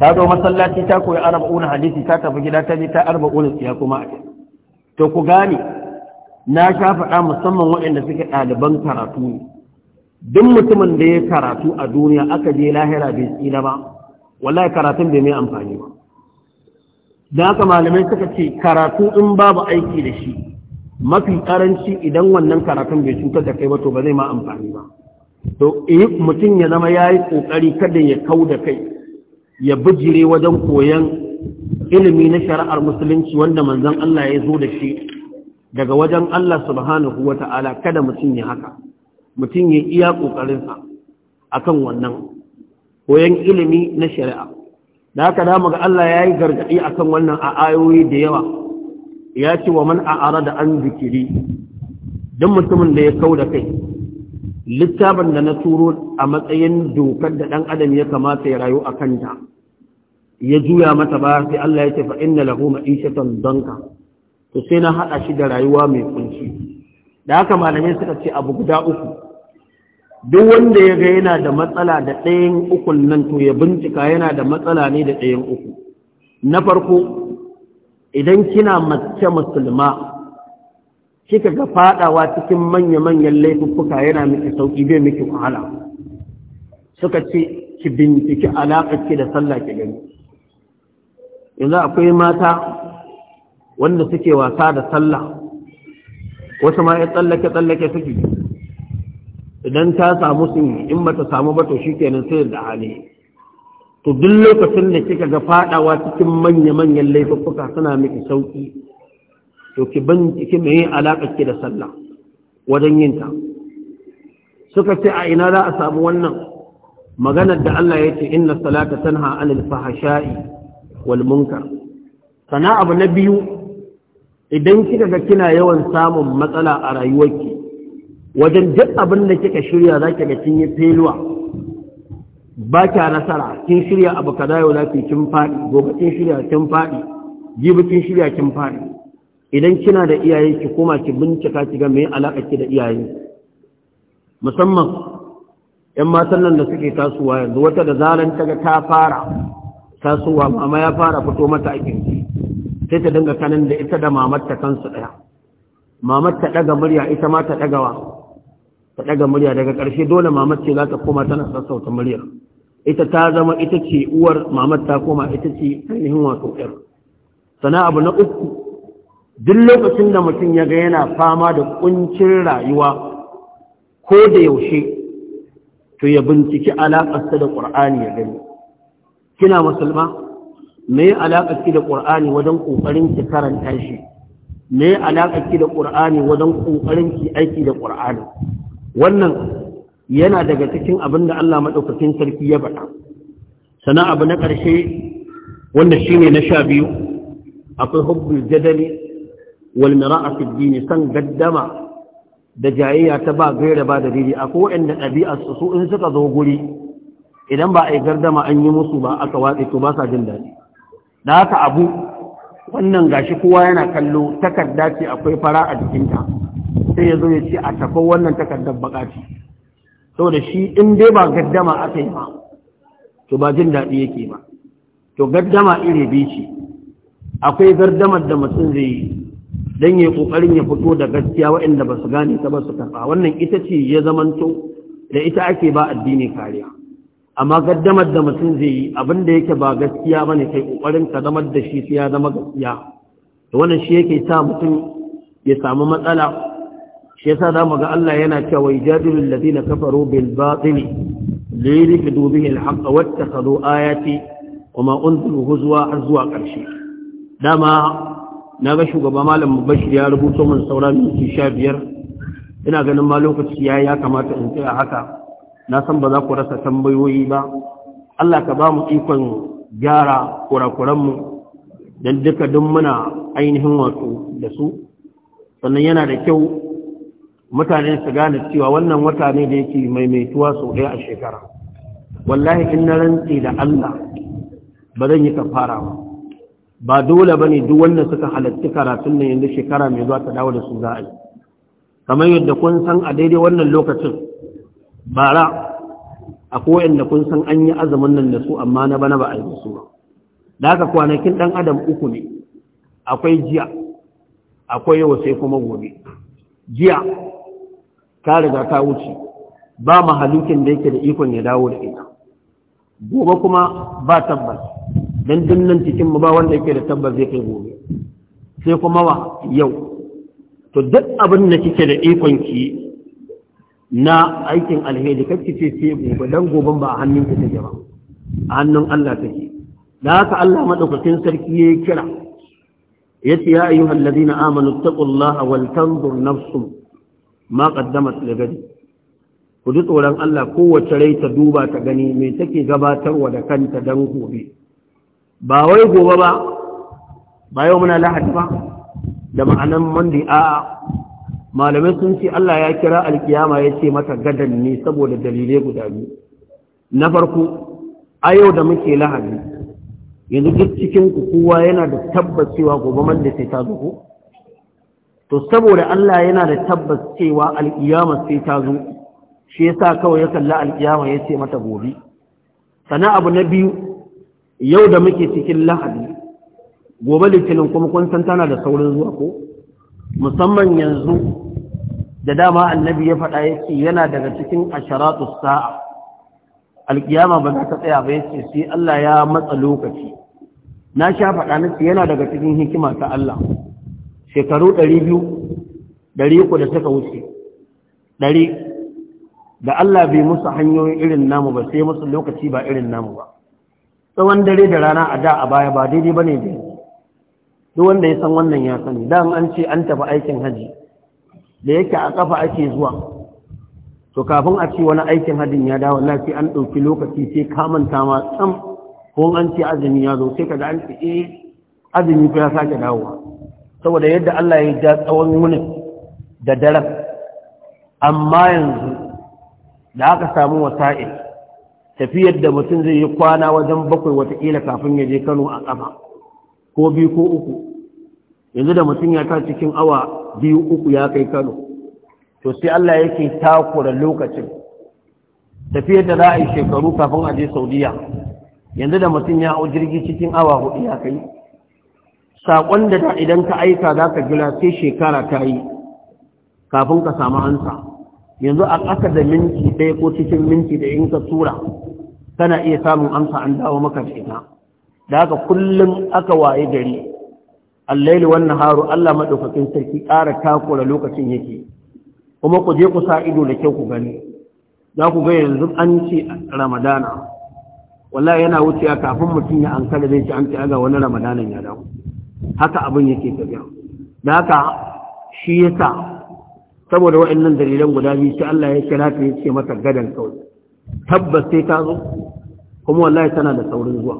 ta zo masallaci ta koyi arba'una hadisi ta tafi gida ta je ta arba'una ya kuma a to ku gane na sha faɗa musamman waɗanda suke ɗaliban karatu ne duk mutumin da ya karatu a duniya aka je lahira bai tsira ba wallahi karatun bai mai amfani ba da haka malamai suka ce karatu in babu aiki da shi mafi karanci idan wannan karatun bai cutar da kai ba to ba zai ma amfani ba to eh mutum ya zama ya yi kokari kada ya kau da kai ya bijire wajen koyon ilimi na shari'ar musulunci wanda manzon Allah ya zo da shi daga wajen Allah subhanahu wa ta'ala kada mutum ya haka mutum ya iya ƙoƙarinsa akan wannan koyon ilimi na shari'a da haka damu ga Allah ya yi gargaɗi a kan wannan a ayoyi da yawa ya ce wa man a'ara da an zikiri don mutumin da ya kau da kai littafin da na turo a matsayin dokar da ɗan adam ya kamata ya rayu a kanta ya juya mata ba sai Allah ya ce fa inna lahu ma'ishatan danka to sai na hada shi da rayuwa mai kunci da haka malamai suka ce abu guda uku duk wanda ya ga yana da matsala da ɗayan ukun nan to ya bincika yana da matsala ne da ɗayan uku na farko idan kina mace musulma kika ga fadawa cikin manya-manyan laifuka yana miki sauki bai miki wahala suka ce ki binciki alaƙarki da sallah ki gani yanzu akwai mata wanda suke wasa da sallah wasu ma ya tsallake-tsallake suke idan ta samu sun in ba ta samu ba to shi kenan sai da hali to duk lokacin da kika ga fadawa cikin manya-manyan laifuka suna miki sauki to ki ban ki me alaka ki da sallah wajen yin ta suka ce a ina za a samu wannan maganar da Allah ya ce inna salata tanha anil fahasha'i wal munkar sana abu na biyu idan kika ga kina yawan samun matsala a rayuwarki wajen duk abin da kika shirya za ga kin yi feluwa ba kya nasara kin shirya abu kaza yau za kin faɗi gobe kin shirya kin fadi, jibi kin shirya kin faɗi idan kina da iyaye ki koma ki bincika ki ga me alaka ki da iyaye musamman ƴan matan nan da suke tasowa yanzu wata da zaran ta ga ta fara tasowa amma ya fara fito mata a kirji sai ta dinga kanin da ita da mamarta kansu ɗaya mamarta ɗaga murya ita ma ta dagawa ta ɗaga murya daga ƙarshe dole mamarce za ta koma tana sassauta murya. ita ta zama ita ce uwar mamar koma ita ce ainihin wato ƴar sana abu na uku duk lokacin da mutum ya ga yana fama da kuncin rayuwa ko da yaushe to ya binciki alaƙarsa da ƙur'ani ya gani kina musulma me alaƙarki da ƙur'ani wajen ƙoƙarin ki karanta shi me alaƙarki da ƙur'ani wajen ƙoƙarin ki aiki da ƙur'ani wannan yana daga cikin abin da Allah maɗaukakin sarki ya faɗa sana abu na ƙarshe wanda shine na sha biyu akwai hubbul jadali walmira a fi san gaddama da jayayya ta ba gaira ba da didi akwai waɗanda ɗabi'ar su in suka zo guri idan ba a yi gardama an yi musu ba aka watse to ba sa jin daɗi da haka abu wannan gashi kowa yana kallo takarda ce akwai fara a jikinta sai ya zo ya ce a tafi wannan takardar bakaci saboda shi in dai ba gaddama aka yi ba to ba jin daɗi yake ba to gaddama iri biyu ce akwai gardamar da mutum zai yi dan yi ƙoƙarin ya fito da gaskiya waɗanda ba su gane ta ba su karɓa wannan ita ce ya zamanto da ita ake ba addini kariya amma gaddamar da mutum zai yi abin da yake ba gaskiya bane kai kokarin ka zamar da shi sai ya zama gaskiya to wannan shi yake sa mutum ya samu matsala shi yasa zamu ga Allah yana cewa yajadilul ladina kafaru bil batil liyurifidu bihi al-haqq wattakhadhu ayati wama unzilu huzwa azwa qarshi dama na ga shugaba malam bashir ya rubuto min saura minti sha biyar ina ganin ma lokaci yayi ya kamata in tsaya haka na san ba za ku rasa tambayoyi ba Allah ka ba mu ikon gyara kurakuranmu don duka duk muna ainihin wato da su sannan yana da kyau mutane su gane cewa wannan wata ne da yake maimaituwa sau ɗaya a shekara wallahi in na rantse da Allah ba zan yi fara ba ba dole bane duk wanda suka halarci karatun nan yanzu shekara mai zuwa ta dawo da su za yi kamar yadda kun san a daidai wannan lokacin bara akwai wanda kun san an yi azumin nan da su amma na bana ba a yi su ba da haka kwanakin dan adam uku ne akwai jiya akwai yau sai kuma gobe jiya ta riga ta wuce ba mahalukin da yake da ikon ya dawo da ita gobe kuma ba tabbas dan nan cikin mu ba wanda yake da tabbas zai kai gobe sai kuma wa yau to duk abin da kike da ikon ki na aikin alheri kake ce sai gobe dan goben ba a hannun ki take ba a hannun Allah take da haka Allah madaukakin sarki ya kira yace ya ayyuhal ladina amanu taqullaha wal tanzur nafsum ma qaddamat ligadi ku ji tsoron Allah kowace rai ta duba ta gani me take gabatarwa da kanta dan gobe ba wai gobe ba ba yau muna lahadi ba da ma'anan mandi a malamai sun ce Allah ya kira alkiyama ya ce mata gadan ne saboda dalilai guda biyu na farko a yau da muke lahadi yanzu duk cikin kowa yana da tabbacewa gobe mandi sai ta zo to saboda Allah yana da tabbas cewa alkiyama sai ta zo shi yasa kawai ya kalla alkiyama ya ce mata gobe sana abu na biyu yau da muke cikin lahadi gobe litinin kuma kun san tana da saurin zuwa ko musamman yanzu da dama annabi ya faɗa ya ce yana daga cikin asharatu sa'a alkiyama ba za ta tsaya ba ya ce sai Allah ya matsa lokaci na sha faɗa na yana daga cikin hikima ta Allah shekaru ɗari biyu ɗari da suka wuce ɗari da Allah bai musu hanyoyin irin namu ba sai musu lokaci ba irin namu ba tsawon dare da rana a da a baya ba daidai ba ne da yanzu duk wanda ya san wannan ya sani da an ce an tafi aikin haji da yake a kafa ake zuwa to kafin a ce wani aikin hajin ya dawo lafi an ɗauki lokaci sai kamanta ma tsam ko an ce azumi ya zo sai kaga an ce eh azumi ko ya sake dawowa saboda yadda Allah ya ja tsawon wunin da daren amma yanzu da aka samu wasa'il tafiyar da mutum zai yi kwana wajen bakwai watakila kafin ya je kano a ƙafa ko biyu ko uku yanzu da mutum ya ta cikin awa biyu uku ya kai kano to sai Allah yake takura lokacin tafiyar da za a yi shekaru kafin a je saudiya yanzu da mutum ya hau jirgi cikin awa hudu ya kai saƙon da idan ka aika za ka gila sai shekara ta yi kafin ka samu ansa yanzu a ƙasa da minti ɗaya ko cikin minti da in ka tura kana iya samun amsa an dawo maka da ita da haka kullum aka waye gari allaili wannan haru Allah madaukakin sarki ƙara takura lokacin yake kuma ku je ku sa ido da kyau ku gani za ku ga yanzu an ce ramadana wallahi yana wucewa kafin mutum ya ankara zai ci an ce aga wani ramadanan ya dawo haka abin yake tafiya da haka shi yasa saboda waɗannan dalilan guda biyu sai Allah ya kira ta ya ce mata gadan kawai tabbas sai ta zo kuma wallahi tana da saurin zuwa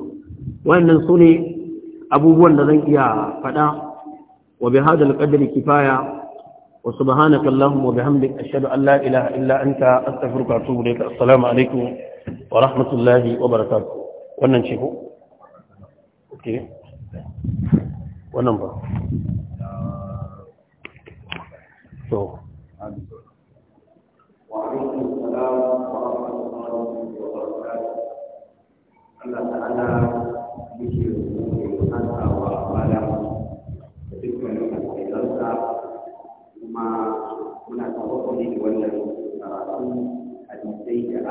wannan su ne abubuwan da zan iya faɗa wa bi hada alƙadari kifaya wa subhanaka allahumma wa bihamdika ashhadu an la ilaha illa anta astaghfiruka wa atubu ilayk assalamu alaikum wa rahmatullahi wa barakatuh wannan ce ko okay wannan ba so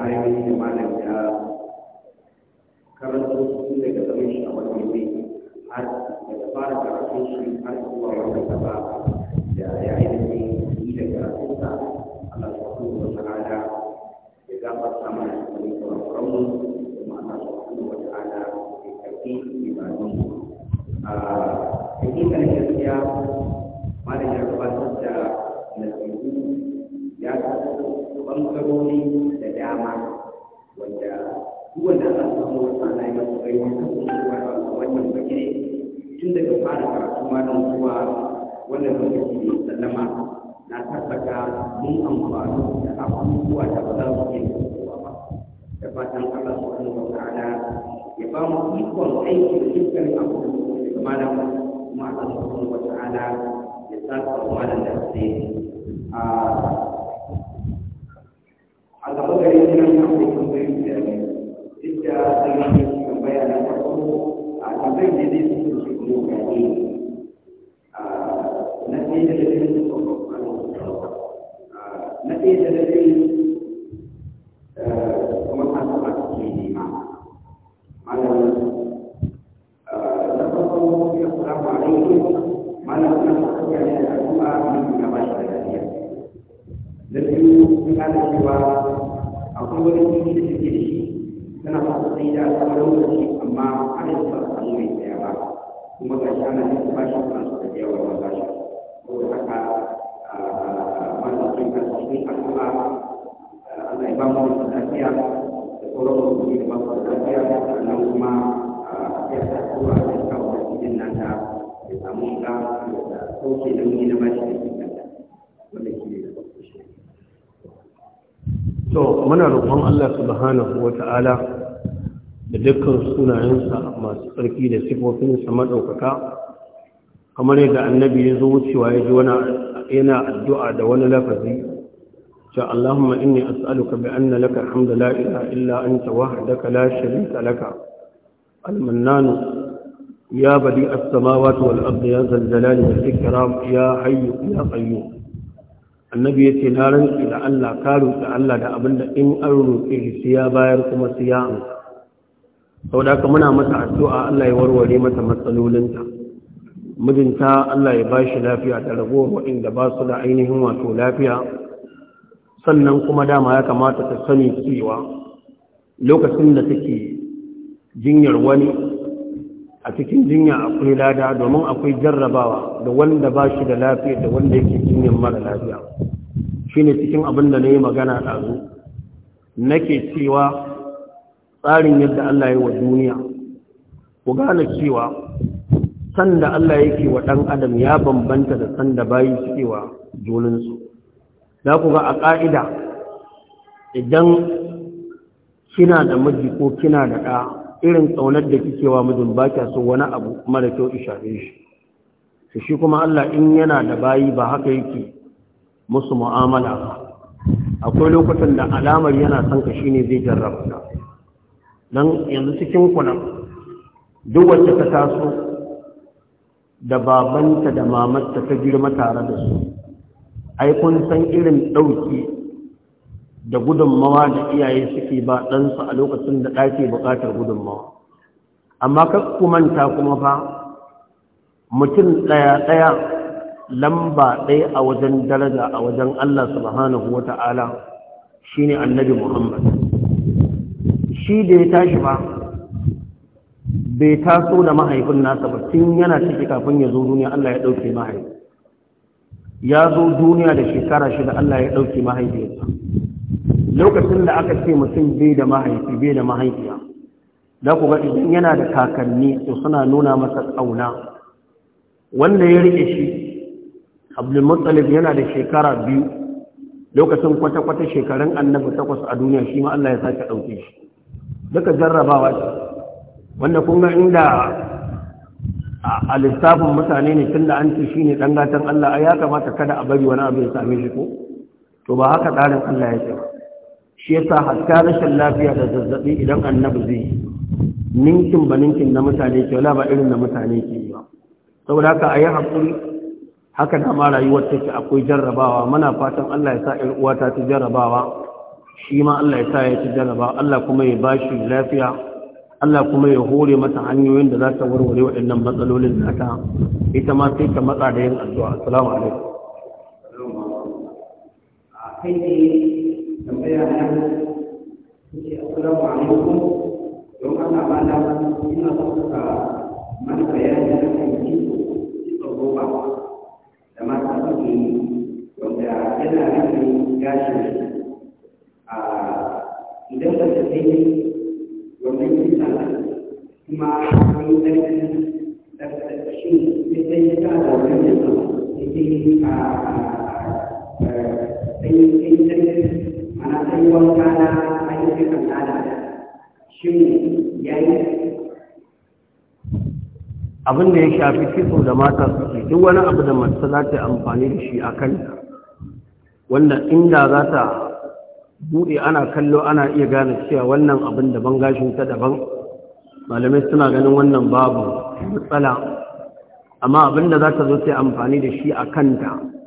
ayoyi da malam ya karanta su daga zaman shi a wani ne har daga fara karatun shi har zuwa wani gaba da ya ainihin yi da karatunsa Allah subhanahu wa ta'ala ya gafarta mana wani kurakuran mu kuma Allah subhanahu wa ta'ala ya karbi ibadun a ah, cikin gaskiya kai wani kusurwa a wannan tun daga fara karatu malam zuwa wannan lokaci ne sallama na tabbata mun amfani da abubuwa da ba za su iya kusurwa ba da fatan Allah subhanahu wa ya ba mu ikon aiki da dukkan abubuwa da malam kuma Allah subhanahu wa ya sa wa malam da sai a gaba gare kana cewa akwai wani kuɗi da suke shi tana ba sai da kamar lokaci amma ana yi ba su samu mai tsaya ba kuma ga shi ana yin bashi ba su tafiya wa ba bashi saboda haka masu cikin da lafiya da da da lafiya sannan kuma ya sa kowa da kawo da cikin nata ya samu shiga da sauke nauyi na bashi da cikin nata wanda ke to muna roƙon Allah subhanahu wata'ala da dukkan sunayensa masu tsarki da sifofinsa maɗaukaka kamar yadda annabi ya zo wucewa ya ji wani yana addu'a da wani lafazi ce Allahumma inni as'aluka bi anna laka alhamdu la ilaha illa anta wahdaka la sharika laka al-mannanu يا بديع السماوات ya يا ذا الجلال والإكرام ya حي ya قيوم annabi ya ce na rantsi da Allah ka roƙi Allah da abin da in an roƙe shi ya bayar kuma su ya an sau da muna mata addu'a Allah ya warware mata matsalolinta mijinta Allah ya bashi lafiya da ragowar waɗanda ba su da ainihin wato lafiya sannan kuma dama ya kamata ta sani cewa lokacin da take jinyar wani a cikin jinya akwai lada domin akwai jarrabawa da wanda ba shi da lafiya da wanda yake jinyar mara lafiya shi ne cikin abin da na yi magana ɗazu nake cewa tsarin yadda Allah ya wa duniya ku gane cewa sanda Allah yake wa ɗan adam ya bambanta da sanda bayi suke wa junansu za ku ga a ƙa'ida idan kina da miji ko kina da ɗa irin tsaunar da kike wa mijin ba kya so wani abu mara kyau ishare shi su shi kuma Allah in yana da bayi ba haka yake musu mu'amala ba akwai lokutan da alamar yana son ka shine zai jarraba ka dan yanzu cikin kuna duk wacce ta taso da babanta da mamarta ta girma tare da su ai kun san irin ɗauki da gudunmawa da iyaye suke ba ɗansu a lokacin da ɗake buƙatar gudunmawa amma ku manta kuma fa mutum ɗaya-ɗaya lamba ɗaya a wajen daraja a wajen Allah subhanahu wa ta'ala shi ne annabi Muhammad shi da ya tashi ba bai taso da mahaifin nasa ba tun yana ciki kafin ya zo duniya Allah ya ɗauke mahaifi ya zo duniya da shekara shida Allah ya ɗauke mahaifiyarsa lokacin da aka ce mutum bai da mahaifi bai da mahaifiya za ku ga idan yana da kakanni to suna nuna masa ƙauna wanda ya riƙe shi abdulmuttalib yana da shekara biyu lokacin kwata-kwata shekarun annabi takwas a duniya shi ma Allah ya sake ɗauke shi duka jarrabawa ce wanda kun ga inda a lissafin mutane ne tun da an ce shi ne ɗan gatan Allah ya kamata kada a bari wani abu ya same shi ko to ba haka tsarin Allah ya ce ba shi yasa hatta rashin lafiya da zazzabi idan annabi zai yi ninkin ba ninkin na mutane ke wala ba irin na mutane ke yi ba saboda haka a yi haƙuri haka da ma rayuwar take akwai jarrabawa muna fatan Allah ya sa ƴar uwata ta jarrabawa shi ma Allah ya sa ya ci jarrabawa Allah kuma ya ba shi lafiya Allah kuma ya hore mata hanyoyin da za ta warware waɗannan matsalolin da ta ita ma sai ta matsa da yin addu'a assalamu alaikum tambaya na ce assalamu alaikum don Allah ba na ina so ka mana bayani na kan kiso kiso roba da mata suke yi wanda yana rage gashin a idan ba ta sai wannan kisa kuma wani ɗarfi ɗarfi shi sai ya ta da wani yasa sai a sai sai amma an yi wanka yi an yi cikin al'ada ya yi abin da ya shafi fito da mata ke duk wani abu da mace za ta amfani da shi a kanta wanda inda za ta buɗe ana kallo ana iya gane cewa wannan abin daban gashin ta daban malamai suna ganin wannan babu matsala amma abin da za ta zo ta amfani da shi a kanta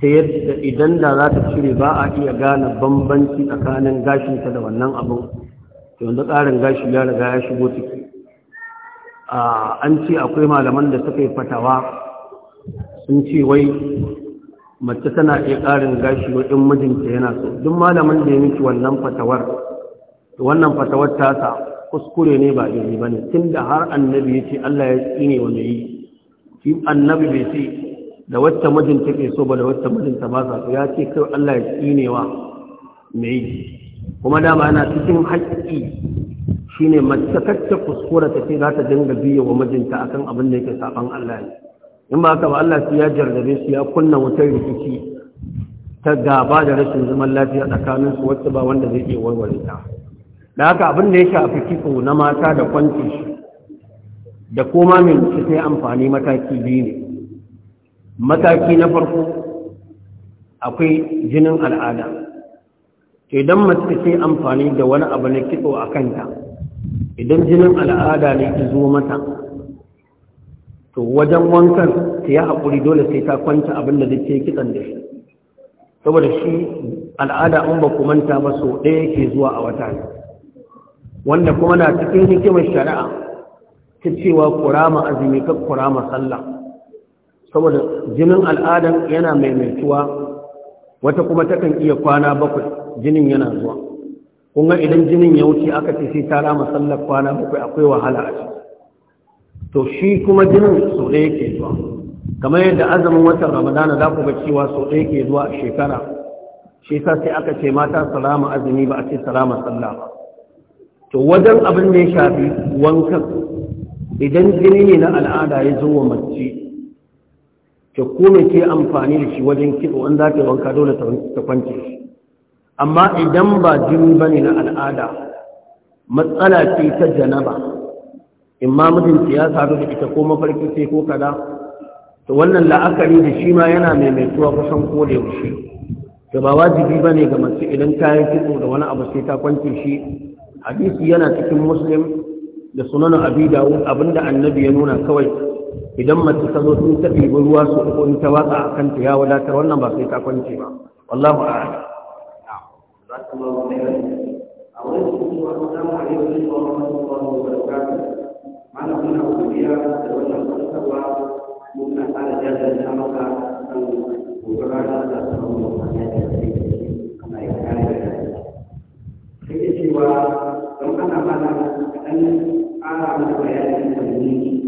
ta yadda idan da za ta cire ba a iya gane bambanci tsakanin gashinta da wannan abin yanzu ƙarin gashi ya riga ya shigo ciki an ce akwai malaman da suka yi fatawa sun ce wai mace tana iya ƙarin gashi wa ɗin mijinta yana so duk malaman da ya miki wannan fatawar wannan fatawar tasa kuskure ne ba iri ba ne tun da har annabi ya ce allah ya tsine wani yi annabi bai ce da wacce mijin take so ba da wacce mijinta ba su? ya ce kai Allah ya tsinewa me yi kuma dama yana cikin haƙƙi shine mace kuskura ta ce za ta dinga biya wa mijinta akan abin da yake saban Allah ne in ba haka ba Allah su ya jarrabe su ya kunna wutar rikici ta gaba da rashin zaman lafiya tsakanin su wacce ba wanda zai iya warware ta da haka abin da ya shafi kiko na mata da kwanci shi da koma mai su amfani mataki biyu ne mataki na farko akwai jinin al'ada idan mace ce amfani da wani abu na kitso a kanta idan jinin al'ada ne ki zo mata to wajen wankan ta ya haƙuri dole sai ta kwanta abin da zai kitsan da shi saboda shi al'ada an ba manta ba so ɗaya ke zuwa a wata wanda kuma na cikin hikimar shari'a ta cewa kurama azumi ka kurama sallah saboda jinin al'adan yana maimaituwa wata kuma takan iya kwana bakwai jinin yana zuwa kunga idan jinin ya wuce aka ce sai ta masallar sallar kwana bakwai akwai wahala a to shi kuma jinin sau ɗaya ke zuwa kamar yadda azumin watan ramadana za ku ga cewa sau ɗaya ke zuwa a shekara shi sa sai aka ce mata salama azumi ba a ce salama sallah ba to wajen abin da ya shafi wankan idan jini ne na al'ada ya zo wa mace ta kome ke amfani da shi wajen kitso in za ta wanka dole ta kwance shi amma idan ba jini ba ne na al'ada matsala ce ta janaba in ma mijinta ya sadu da ita ko mafarki ce ko kada to wannan la'akari da shi ma yana maimaituwa kusan da yaushe to ba wajibi ba ne ga mace idan ta yi kitso da wani abu sai ta kwance shi hadisi yana cikin muslim da sunan abi dawud abinda annabi ya nuna kawai idan mace ta zo sun tafi ruwa su uku in ta watsa a kanta ya wadatar wannan ba sai ta kwance ba wallahu a'lam malamin na kuriya da wannan kusurwa muna tsara jajen na maka kan gobara da za su samu wani da ke ana yi kare da yaki ce cewa don ana mana kaɗan ƙara mana bayanin da ne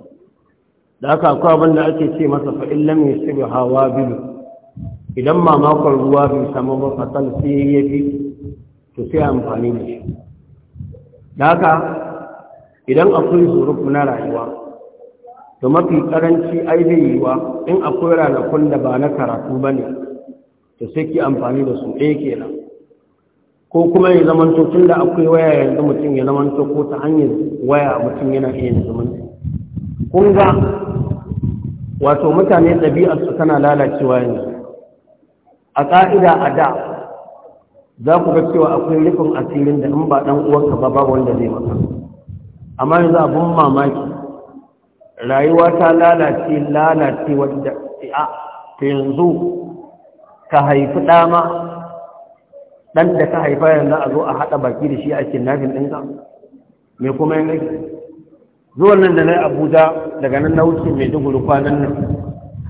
da aka akwai abin da ake ce masa fa illam yusibu hawa bilu idan mamakon ruwa bai samu ba sai ya fi to sai amfani da shi da aka idan akwai zurufu na rayuwa to mafi karanci ai in akwai ranakun da ba na karatu ba ne to sai ki amfani da su ɗaya nan ko kuma ya zamanto tun da akwai waya yanzu mutum ya zamanto ko ta hanyar waya mutum yana iya zamanto kun ga wato mutane ɗabi'arsu tana lalacewa yanzu a ƙa'ida a da za ku ga cewa akwai nufin asirin da in ba ɗan uwanka ba babu wanda zai maka amma yanzu abin mamaki rayuwa ta lalace lalace wadda a ta yanzu ka haifi ɗama ɗan da ka haifa yanzu a zo a haɗa baki da shi a kinnafin ɗinka me kuma yanzu zuwan nan da na abuja daga nan na wuce mai duguru kwanan nan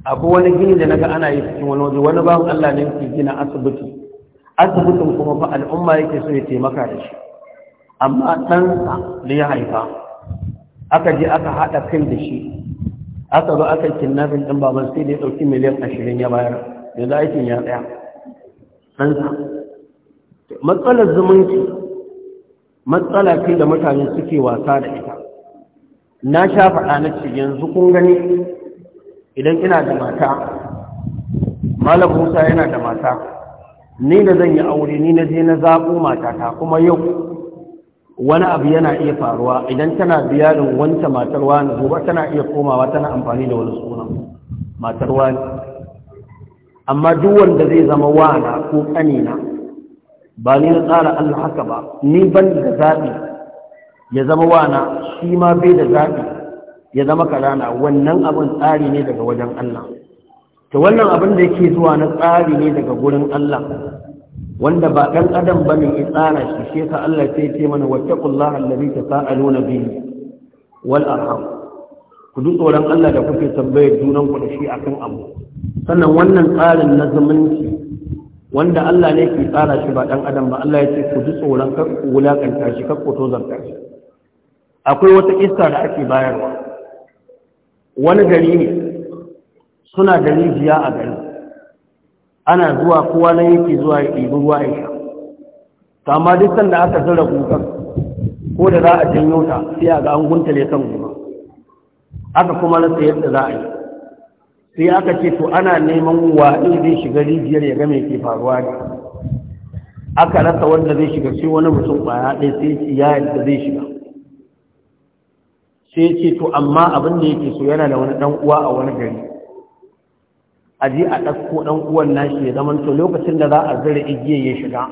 akwai wani gini da naga ana yi cikin wani waje wani bawan allah ne yake gina asibiti asibitin kuma fa al'umma yake so ya taimaka da shi amma ɗansa da ya haifa aka je aka haɗa kai da shi aka zo aka kinnafin ɗin baban sai da ya ɗauki miliyan ashirin ya bayar yanzu aikin ya tsaya ɗansa matsalar zumunci matsala ce da mutane suke wasa da ita na sha faɗa na ce yanzu kun gani idan ina da mata malam musa yana da mata ni da zan yi aure ni na je na zaɓo matata kuma yau wani abu yana iya faruwa idan tana biyarin wanta matar wani gobe tana iya komawa tana amfani da wani sunan matar wani amma duk wanda zai zama wana ko ƙanina ba ni na tsara Allah haka ba ni ban da zaɓi ya zama wana shi ma bai da zaɓi ya zama karana wannan abin tsari ne daga wajen Allah ta wannan abin da yake zuwa na tsari ne daga gurin Allah wanda ba ɗan adam ba ne ya tsara shi shi ka Allah sai ce mana wattaqullaha allazi tasaaluna bihi wal arham ku duk tsoron Allah da kuke tambayar junan ku da shi akan abu sannan wannan tsarin na zumunci wanda Allah ne ke tsara shi ba ɗan adam ba Allah ya ce ku duk tsoron kar ku wulakanta shi kar ku tozarta shi akwai wata kissa da ake bayarwa wani gari ne suna da rijiya a gari ana zuwa kowa na yake zuwa ya ɗibi ruwa ya sha to amma duk sanda aka zira gugan ko da za a janyo ta sai a ga an ne kan guga aka kuma rasa yadda za a yi sai aka ce to ana neman waɗe zai shiga rijiyar ya ga mai ke faruwa ne aka rasa wanda zai shiga sai wani mutum ɓaya ɗaya sai ya yadda zai shiga sai ce to amma abin da yake so yana da wani dan uwa a wani gari a ji a ɗasko ɗan uwan nashi ya zama to lokacin da za a zira igiyar ya shiga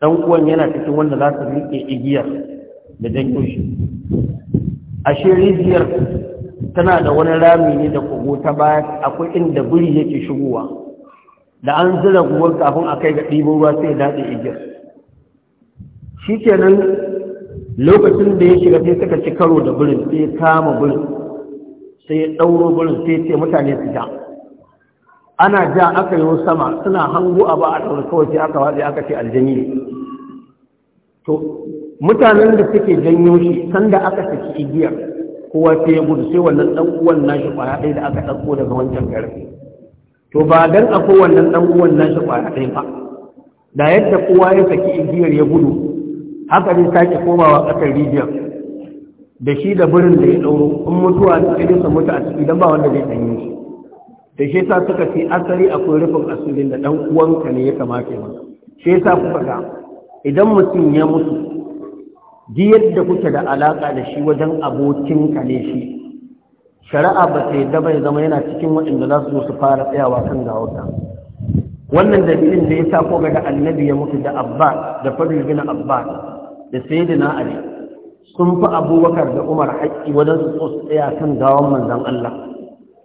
ɗan uwan yana cikin wanda za su rike igiyar da janyo shi ashe rijiyar tana da wani rami ne da kogo ta baya akwai inda guri yake shigowa da an zira guwar kafin a kai ga ɗibo ruwa sai ya daɗe igiyar shi kenan lokacin da ya shiga sai suka ci karo da birin sai ya kama birin sai ya ɗauro birin sai ce mutane su ja ana ja aka yi sama suna hango a ba a ɗaura kawai sai aka watsi aka ce aljani to mutanen da suke janyo shi sanda aka saki igiyar kowa sai ya gudu sai wannan ɗan uwan nashi ƙwaya ɗaya da aka ɗauko daga wancan garin to ba dan akwai wannan ɗan uwan nashi ƙwaya ɗaya ba da yadda kowa ya saki igiyar ya gudu haka ne sake komawa ƙasar rijiyar da shi da birin da ya dauro, in mutuwa da ɗin sa mutu a ciki don ba wanda zai sanye shi da shi sa suka ce asali akwai rufin asirin da ɗan uwanka ne ya kamata ba shi yasa ku faɗa idan mutum ya mutu duk yadda kuke da alaƙa da shi wajen abokinka ne shi shari'a ba ta yadda bai zama yana cikin waɗanda za su zo su fara tsayawa kan gawarta wannan dalilin da ya sa ko ga da annabi ya mutu da abba da fadil gina abba da saidina ali sun fi abubakar da umar haƙƙi wajen su so tsaya kan gawan manzan Allah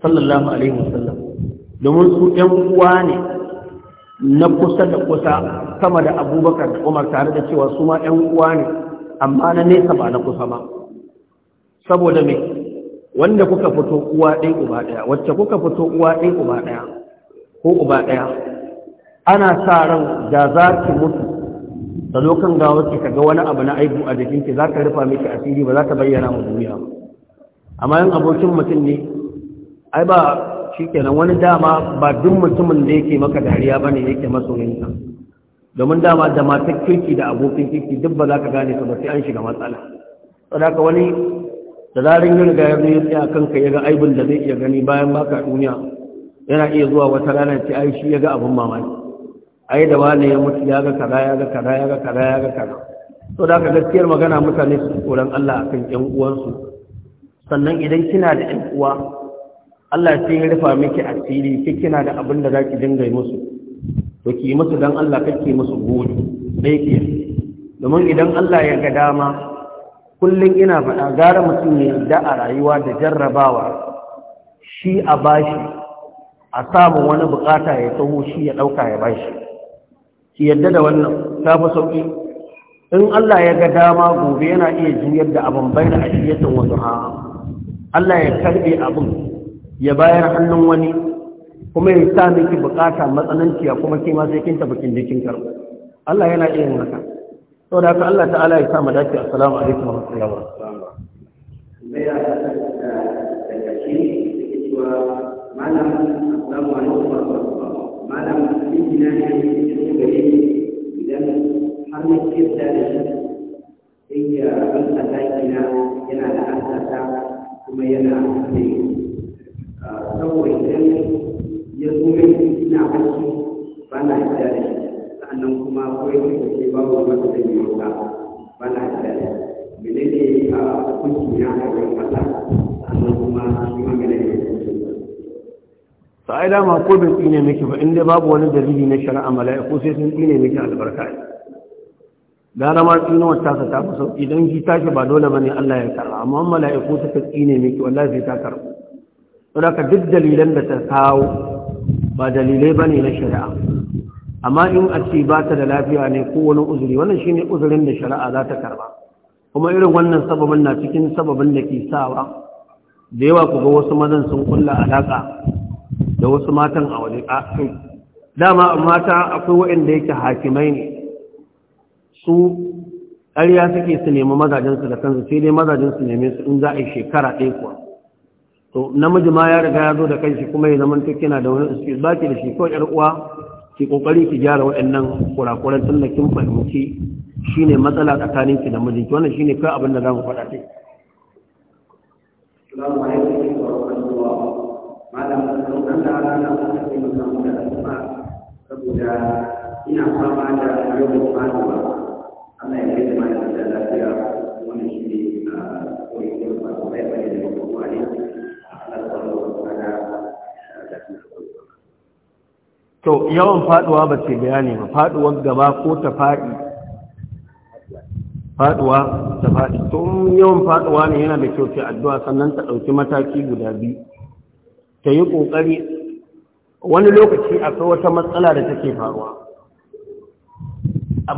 sallallahu alaihi wasallam domin su ɗan uwa ne na kusa da kusa sama da abubakar da umar tare da cewa su ma ɗan uwa ne amma na nesa ba na kusa ba saboda me wanda kuka fito uwa ɗaya uba ɗaya wacce kuka fito uwa ɗaya uba ɗaya ko uba ɗaya ana sa ran da za ki mutu da gawar ki ga wani abu na aibu a jikin ki zaka rufa miki asiri ba za ta bayyana mu duniya ba amma yin abokin mutum ne ai ba shikenan wani dama ba duk mutumin da yake maka dariya bane yake masoyinka domin dama da matar kirki da abokin kirki duk ba za ka gane su ba sai an shiga matsala sadaka wani da zarin yin riga ya ya tsaya kanka ya ga aibin da zai iya gani bayan baka duniya yana iya zuwa wata rana ce ai shi ya ga abin mamaki ai da wani ya mutu ya ga kaza ya ga kaza ya ga kaza ya ga kaza to da ka gaskiyar magana mutane su tsoron Allah akan ƴan uwansu sannan idan kina da ƴan uwa Allah sai ya rufa miki asiri ki kina da abin da zaki dinga yi musu to ki musu dan Allah kake musu gode dai ke domin idan Allah ya ga dama kullun ina faɗa gara mutum ne da a rayuwa da jarrabawa shi a bashi a samu wani bukata ya taho shi ya ɗauka ya bashi ki yadda da wannan ta fi sauƙi in Allah ya ga dama gobe yana iya juyar da abin bai na ashiyatin wasu ha Allah ya karɓe abin ya bayar hannun wani kuma ya sa miki bukata matsananciya kuma ke ma sai kin tafi kin jikin karɓa Allah yana iya yin haka saboda haka Allah ta'ala ya sa mu dace assalamu alaikum wa rahmatullahi wa barakatuh malam assalamu alaikum malam aiki na ne ya zo gare idan har na kirta da ya yana da asasa kuma yana da saboda idan ya zo min ina bacci ba na kuma kawai kasance babu wata da yi ba na yarda da shi menene a hukunci na a to ma dama ko bai tsine miki ba inda babu wani dalili na shari'a mala'iku sai sun tsine miki albarka gara ma tsinuwar tasa ta fi sauki don ki tashi ba dole bane Allah ya karɓa amma mala'iku ta tsine miki wallahi sai ta karɓa saboda ka duk dalilan da ta kawo ba dalilai bane na shari'a amma in a ce ba ta da lafiya ne ko wani uzuri wannan shine uzurin da shari'a za ta karba kuma irin wannan sababin na cikin sababin da ke sawa da yawa ku ga wasu mazan sun kulla alaka da wasu matan a wani ƙasin dama mata akwai waɗanda yake hakimai ne su ƙarya suke su nemi mazajensu da kansu sai dai mazajensu neme su in za a yi shekara ɗaya kuwa to namiji ma ya riga ya zo da kanshi kuma ya zama ta kina da wani ba baki da shi kawai yar uwa ki kokari ki gyara waɗannan kurakuran tun da kin fahimci shine matsala tsakaninki da mijinki wannan shine kai abin da za mu faɗa yi. malam don Allah ana kuma taimaka mu da al'umma saboda ina fama da yawan faduwa Allah ya kai da malam da lafiya wani shi ne a koyon ba ko bai bai da kuma ne Allah subhanahu wa ta'ala da to yawan faduwa ba ce bayani ba faduwar gaba ko ta faɗi? faduwa ta faɗi. Tun yawan faduwa ne yana da kyau ce addu'a sannan ta ɗauki mataki guda biyu ta yi ƙoƙari wani lokaci akwai wata matsala da take faruwa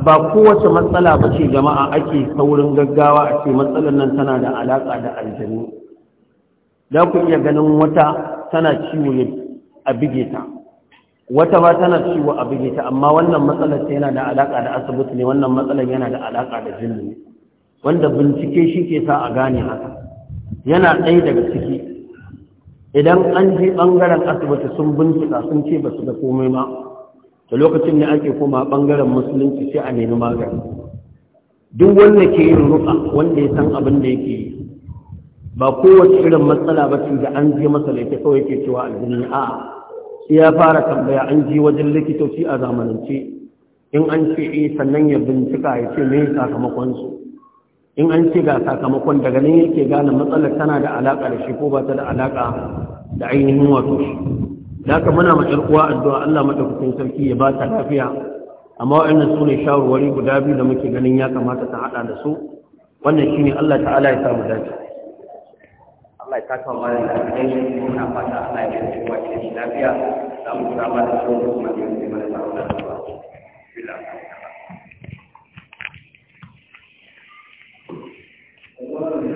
ba kowace matsala ba ce jama'a ake saurin gaggawa a ce matsalar nan tana da alaƙa da aljanu za ku iya ganin wata tana ciwo a bige ta wata ba tana ciwo a bige ta amma wannan matsalar ta yana da alaƙa da asibiti ne wannan matsalar yana da alaƙa da jini wanda bincike shi ke sa a gane haka yana ɗaya daga ciki idan an je ɓangaren asibiti sun bincika sun ce ba su ga komai ma da lokacin da ake koma ɓangaren musulunci sai a nemi magani duk wanda ke yin ruka wanda ya san abin da yake yi ba kowace irin matsala ba ce da an je masa laifi kawai yake cewa aljini a sai ya fara tambaya an je wajen likitoci a zamanance in an ce eh sannan ya bincika ya ce me sakamakon su in an ce ga sakamakon daga nan yake gane matsalar tana da alaƙa da shi ko ba ta da alaƙa da ainihin wato shi da haka muna ma uwa addu'a Allah madaukakin sarki ya ba ta lafiya amma wa'annan su ne shawarwari guda biyu da muke ganin ya kamata ta haɗa da su wannan shi ne Allah ta'ala ya samu dace Allah ya saka wa da muna fata Allah ya yi wa lafiya da mu da shi da kuma da mana da Well,